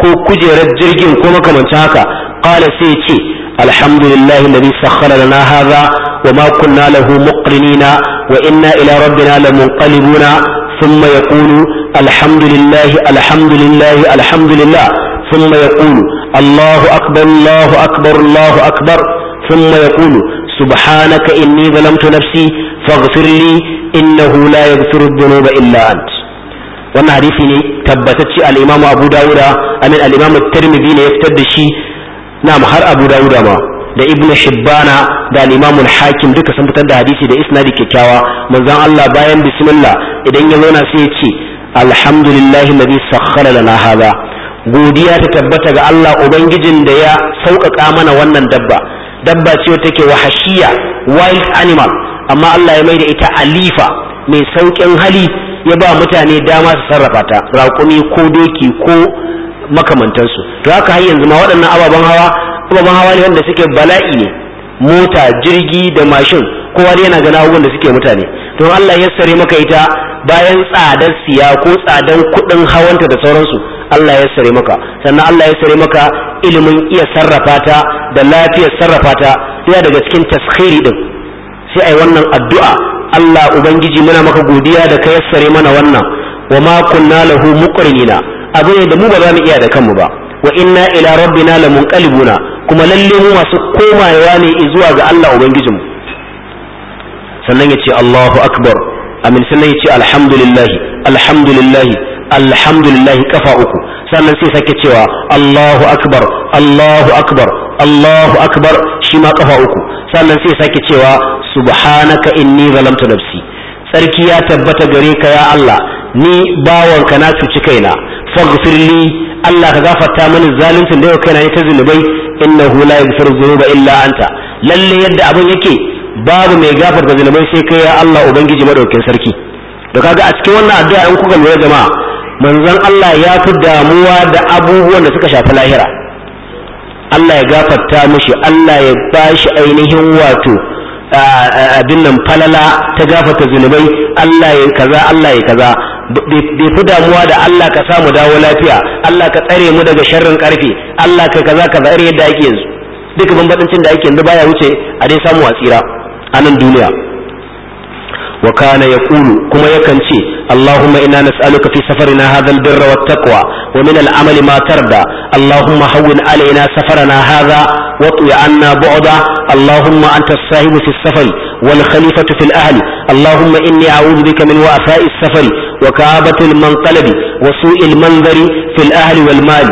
ko kujerar jirgin ko makamancin haka kala sai ce alhamdulillah nabi sakhkhara lana hadha wa ma kunna lahu muqrinina wa inna ila rabbina lamunqalibuna thumma yaqulu alhamdulillah alhamdulillah alhamdulillah thumma yaqulu allahu akbar allahu akbar allahu akbar ثم يقول subhanaka inni zalamtu nafsi faghfir li hula ya yaghfiru dhunuba illa ant wannan hadisi ne tabbatacce al-Imam Abu Dawud amin al-Imam Tirmidhi ne ya fitar da shi na'am har Abu Dawud ma da Ibn Shibbana da al-Imam al-Hakim duka sun fitar da hadisi da isnadi kyakkyawa manzon Allah bayan bismillah idan ya zauna sai ya ce alhamdulillahi alladhi sakhkhara lana hadha godiya ta tabbata ga Allah ubangijin da ya sauƙaƙa mana wannan dabba dabba ce ke wahashiya wild animal amma Allah ya da ita alifa mai saukin hali ya ba mutane dama su sarrafa ta raƙumi ko doki ko makamantansu to haka har yanzu ma waɗannan ababen hawa ababen hawa ne wanda suke bala'i ne mota jirgi da mashin kowa dai yana gana abubuwan da suke mutane to Allah ya sare maka ita bayan tsadar siya ko tsadar kuɗin hawanta da sauransu Allah ya sare maka sannan Allah ya sare maka ilimin iya sarrafa ta da lafiyar sarrafa ta yana daga cikin taskhiri din sai ai wannan addu'a Allah ubangiji muna maka godiya da ka yassare mana wannan wa ma kunna lahu muqrinina abu ne da mu ba za mu iya da kanmu ba wa inna ila rabbina lamunqalibuna kuma lalle mu masu komawa ne zuwa ga Allah mu? sannan yace Allahu akbar amin sannan yace alhamdulillah alhamdulillah alhamdulillahi kafa uku sannan sai sake cewa Allahu akbar Allahu akbar Allahu akbar shi ma kafa uku sannan sai sake cewa subhanaka inni zalamtu nafsi sarki ya tabbata gare ka ya Allah ni bawanka na cuci kaina faghfirli Allah ka gafarta mani zaluncin da yau kaina ne ta zunubai innahu la yaghfiru dhunuba illa anta lalle yadda abin yake babu mai gafarta zunubai sai kai ya Allah ubangiji madaukin sarki to kaga a cikin wannan addu'a in kuka lura jama'a manzon Allah ya fi damuwa da abubuwan da suka shafi lahira Allah ya gafarta mishi Allah ya ba shi ainihin wato abin nan falala ta gafarta zunubai Allah ya kaza Allah ya kaza bai fi damuwa da Allah ka samu dawo lafiya Allah ka tsare mu daga sharrin karfe Allah ka kaza kaza irin yadda ake yanzu duka bambancin da ake yanzu baya wuce a dai samu a tsira a nan duniya وكان يقول كما يكنشي اللهم إنا نسألك في سفرنا هذا البر والتقوى ومن العمل ما ترضى اللهم هون علينا سفرنا هذا واطوي عنا بعدا اللهم أنت الساهم في السفر والخليفة في الأهل اللهم إني أعوذ بك من وعفاء السفر وكآبة المنقلب وسوء المنظر في الأهل والمال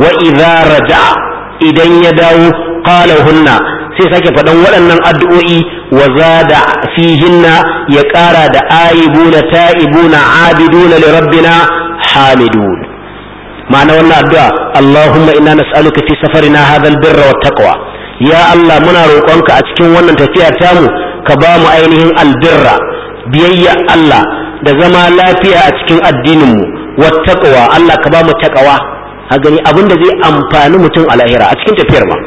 وإذا رجع إذا يداو قالوا هنا sai sake faɗan waɗannan addu'o'i wa zada fihinna ya ƙara da aibuna ta'ibuna abiduna li rabbina hamidun ma'ana wannan addu'a Allahumma ina nas'aluka fi safarina na albirra wat taqwa ya Allah muna roƙonka a cikin wannan tafiya tamu ka ba mu ainihin albirra biyayya Allah da zama lafiya a cikin addininmu wat taqwa Allah ka ba mu taqwa a gani abin da zai amfani mutum a lahira a cikin tafiyar ma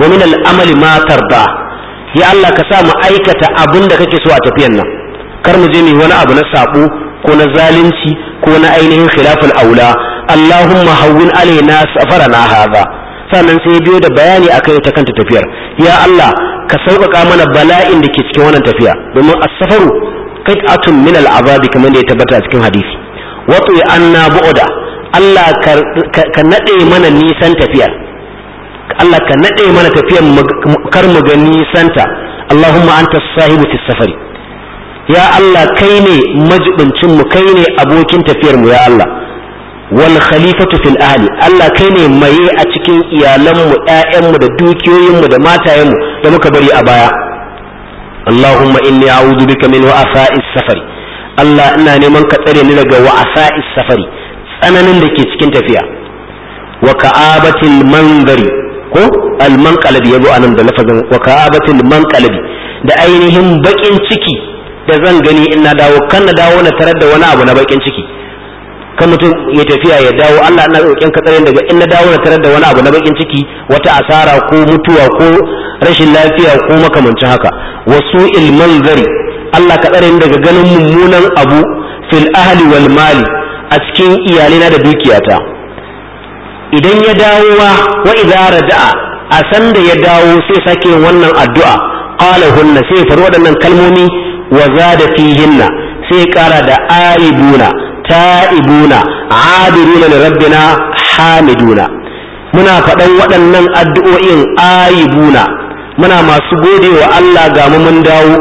wa min al'amali ma tarda ya Allah ka sa mu aikata abin da kake so a tafiyan nan kar mu je mu wani abu na sabo ko na zalunci ko na ainihin khilaful aula Allahumma hawwin alaina safarana hadha sannan sai biyo da bayani akan ita kanta tafiyar ya Allah ka sauƙaƙa mana bala'in da ke cikin wannan tafiya domin as-safaru qit'atun min al kamar da ya tabbata a cikin hadisi wa tu'i bu'da Allah ka nade mana nisan tafiyar Allah ka naɗe mana tafiyar kar mu gani santa Allahumma anta sahibu fi safari ya Allah kai ne majibincin mu kai ne abokin tafiyar mu ya Allah wal khalifatu fil ahli Allah kai ne maye a cikin iyalan mu ƴaƴan mu da dukiyoyin mu da matayen mu da muka bari a baya Allahumma inni a'udhu bika min wa'afa'is safari Allah ina neman ka tsare ni daga wa'afa'is safari tsananin da ke cikin tafiya wa ka'abatil manzari ko almanqalabi yazo anan da lafazin wa ka'abatul manqalabi da ainihin bakin ciki da zan gani in na dawo kan na dawo na tarar da wani abu na bakin ciki kan mutum ya tafiya ya dawo Allah ina roƙin ka tsare daga in na dawo na tarar da wani abu na bakin ciki wata asara ko mutuwa ko rashin lafiya ko makamancin haka wasu ilman zari Allah ka tsare daga ganin mummunan abu fil ahli wal mali a cikin iyalina da dukiyata idan ya dawo wa idza raja'a a san da ya dawo sai sake wannan addu'a qala hunna sai faru waɗannan kalmomi wa zada fihinna sai ƙara da aibuna ta'ibuna abiruna li rabbina hamiduna muna faɗan waɗannan addu'o'in aibuna muna masu gode wa Allah ga mun dawo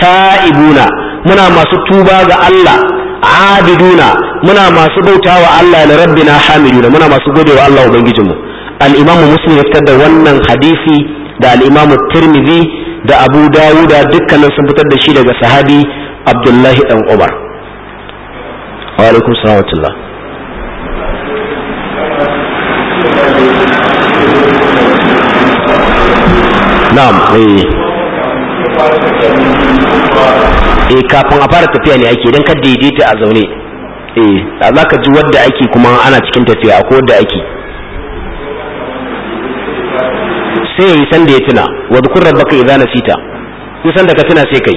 ta'ibuna muna masu tuba ga Allah abiduna muna masu bauta wa Allah na rabbina hamiduna muna masu wa Allah ubangijinmu al-imam muslim ya fitar da wannan hadisi da al-imam tirmidhi da abu dawuda dukkanin sun fitar da shi daga sahabi abdullahi dan umar wa alaikum salam na'am eh E kafin a fara tafiya ne ake idan ka daidaita a zaune eh za ka ji wadda ake kuma ana cikin tafiya ko wadda ake sai ya yi san da ya tuna kun rabba rabbaka idza nasita in san da ka tuna sai kai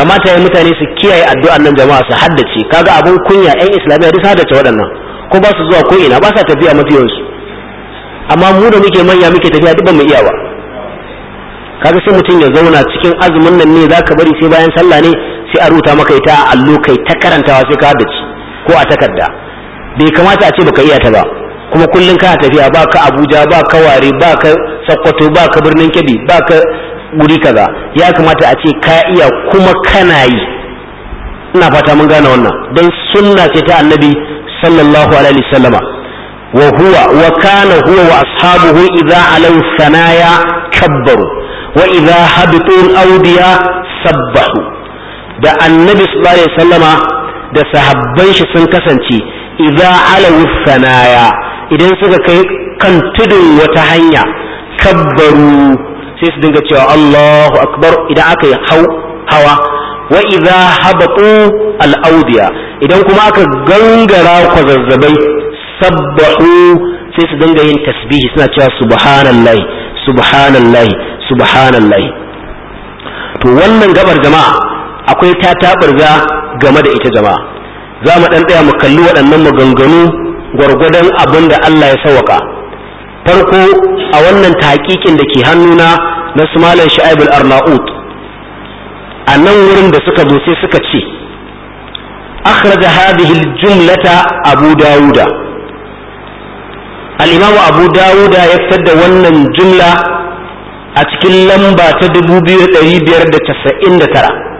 kamata ya mutane su kiyaye addu'an nan jama'a su haddace kaga abin kunya ɗan islamiyya duk haddace waɗannan ko ba su zuwa ko ina ba sa tafiya mafiyansu amma mu da muke manya muke tafiya duk ba mu iya ba kaga sai mutum ya zauna cikin azumin nan ne za ka bari sai bayan sallah ne sai a rubuta maka ita a allo kai ta karantawa sai ka haddace ko a takarda bai kamata a ce baka iya ta ba kuma kullum kana tafiya ba ka abuja ba ka ware ba ka sakkwato ba ka birnin kebbi ba ka guri kaza ya kamata a ce ka iya kuma kana yi ina fata mun gane wannan don sunna ce ta annabi sallallahu alaihi wasallama wa huwa wa kana huwa wa ashabuhu idza alaw sanaya kabbaru wa idza habitu al-awdiya sabbahu da annabi sallallahu alaihi sallama da sahabban shi sun kasance idza alawu sanaya idan suka kai kan tudun wata hanya kabbaru sai su dinga cewa Allahu akbar idan aka yi hawa wa idza habatu al idan kuma aka gangara zazzabai sabbahu sai su dinga yin tasbihi suna cewa subhanallahi subhanallahi subhanallahi to wannan gabar jama'a akwai ta taɓurga game da ita jama'a za mu ɗan tsaya mu kalli waɗannan maganganu gwargwadon abin da Allah ya sawaka farko a wannan taƙiƙin da ke hannuna na su malam sha'ibul arnaut a nan wurin da suka zo suka ce akhraja hadhihi jumlata abu dawuda al-imamu abu dawuda ya fitar da wannan jumla a cikin lamba ta 2599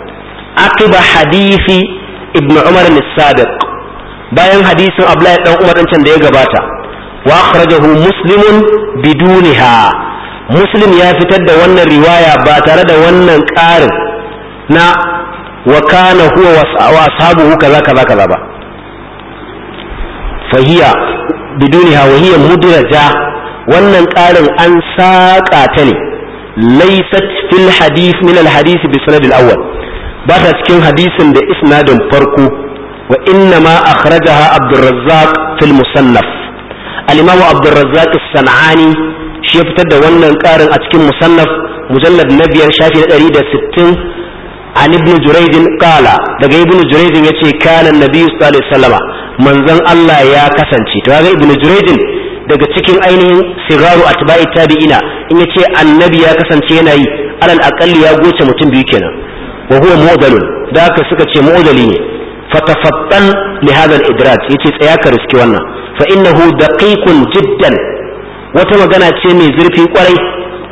aqiba hadisi ibnu umar as bayan hadisin abdullahi dan umar din da ya gabata wa akhrajahu muslimun biduniha muslim ya fitar da wannan riwaya ba tare da wannan ƙarin na wa kana huwa wa ashabuhu kaza kaza kaza ba fahiya biduniha wa hiya mudraja wannan ƙarin an saƙa ta ne laysat fil hadith min al hadith bi sanad al awwal ba ta cikin hadisin da isnadin farko wa inna ma akhrajaha abdurrazzaq fil musannaf al-imamu abdurrazzaq as-sanani shi ya fitar da wannan karin a cikin musannaf mujallad na biyar shafi na ɗari da sittin an ibn juraidin kala daga ibn juraidin ya ce kana nabi sallallahu alaihi manzon Allah ya kasance to ga ibn juraidin daga cikin ainihin sigaru atba'i tabi'ina in ya ce annabi ya kasance yana yi alal aqalli ya goce mutum biyu kenan wa huwa mu'dalun da haka suka ce mu'dali ne fatafattan li hadha al-idraj yace tsaya ka wannan fa innahu daqiqun jiddan wata magana ce mai zurfi kwarai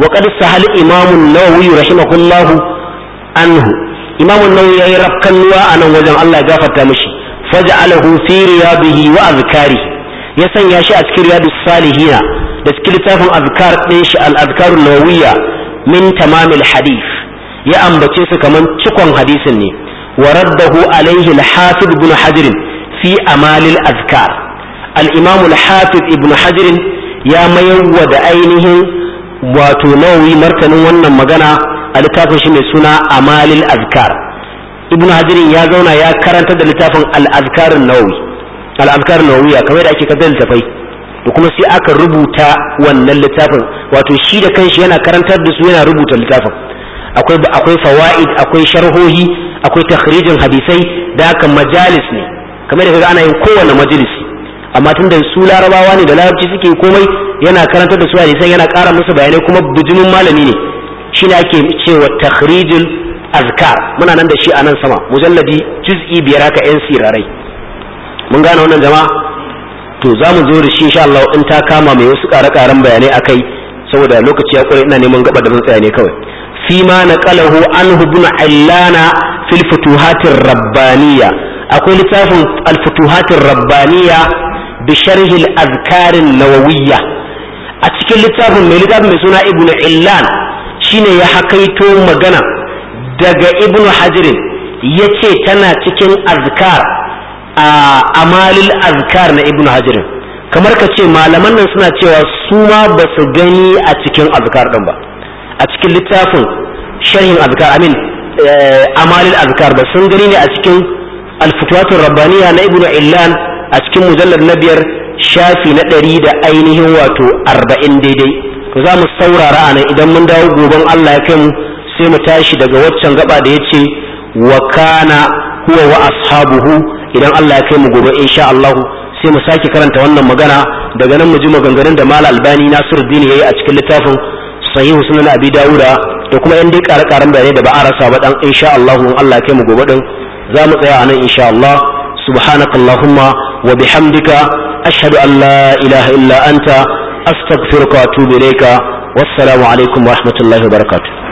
wa qad sahal imam an-nawawi rahimahullah anhu imam an-nawawi yayi rafkan nuwa nan wajen Allah ya gafarta mishi faj'alahu fi riyadihi wa azkari ya sanya shi a cikin riyadus salihina da cikin littafin azkar ɗin shi al-azkarun nawawiyya min tamamil hadith ya ambace su kaman cikon hadisin ne wa raddahu alaihi al-hafiz ibn hajar fi amalil azkar al-imam al-hafiz ibn hajar ya mayar da ainihin wato nawawi martanin wannan magana a littafin shi mai suna amalil azkar ibn hajar ya zauna ya karanta da littafin al-azkar nawawi al-azkar nawawi kamar da ake kanta littafai da kuma sai aka rubuta wannan littafin wato shi da kanshi yana karantar da su yana rubuta littafin akwai akwai fawaid akwai sharhohi akwai takhrijin hadisai da haka majalis ne kamar da kaga ana yin kowanne majalis amma da su larabawa ne da larabci suke komai yana karantar da su hadisai yana ƙara musu bayanai kuma bijimin malami ne shi ne ake cewa takhrijul azkar muna nan da shi a nan sama mujalladi juz'i biyar haka yan sirarai mun gane wannan jama'a to za mu zo da shi insha Allah in ta kama mai wasu ƙare-ƙaren bayanai akai saboda lokaci ya kure ina neman gaba da mun tsaya ne kawai فيما نقله عنه ابن علانا في الفتوحات الربانية أقول لتاف الفتوحات الربانية بشرح الأذكار النووية أتكلم لتاف من لتاف مسونا ابن علان شين يحكيتو مغنى دقى ابن حجر يتي تنا تكن أذكار أمال الأذكار من ابن حجر hajar kamar ka ce malaman nan suna cewa su ma ba su gani a cikin azkar din ba a cikin littafin sharhin azkar amin eh, amalil azkar ba sun gani ne a cikin alfutuwatun rabbaniya na ibnu illan a cikin mujallar na biyar shafi na ɗari da ainihin wato arba'in daidai to za mu saurara a nan idan mun dawo goben allah ya kai mu sai mu tashi daga waccan gaba da ya ce wa kana huwa wa ashabuhu idan allah ya kai mu gobe insha allahu sai mu sake karanta wannan magana daga nan mu ji maganganun da mal albani nasiruddin yayi a cikin littafin sahihu sunan abi dawuda da kuma yan dai ƙare-ƙaren bayanai da ba a rasa ba dan insha Allah Allah kai mu gobe din za mu tsaya a nan insha Allah subhanaka allahumma wa bihamdika ashhadu an la ilaha illa anta astaghfiruka wa atubu ilayka wassalamu alaikum wa rahmatullahi wa barakatuh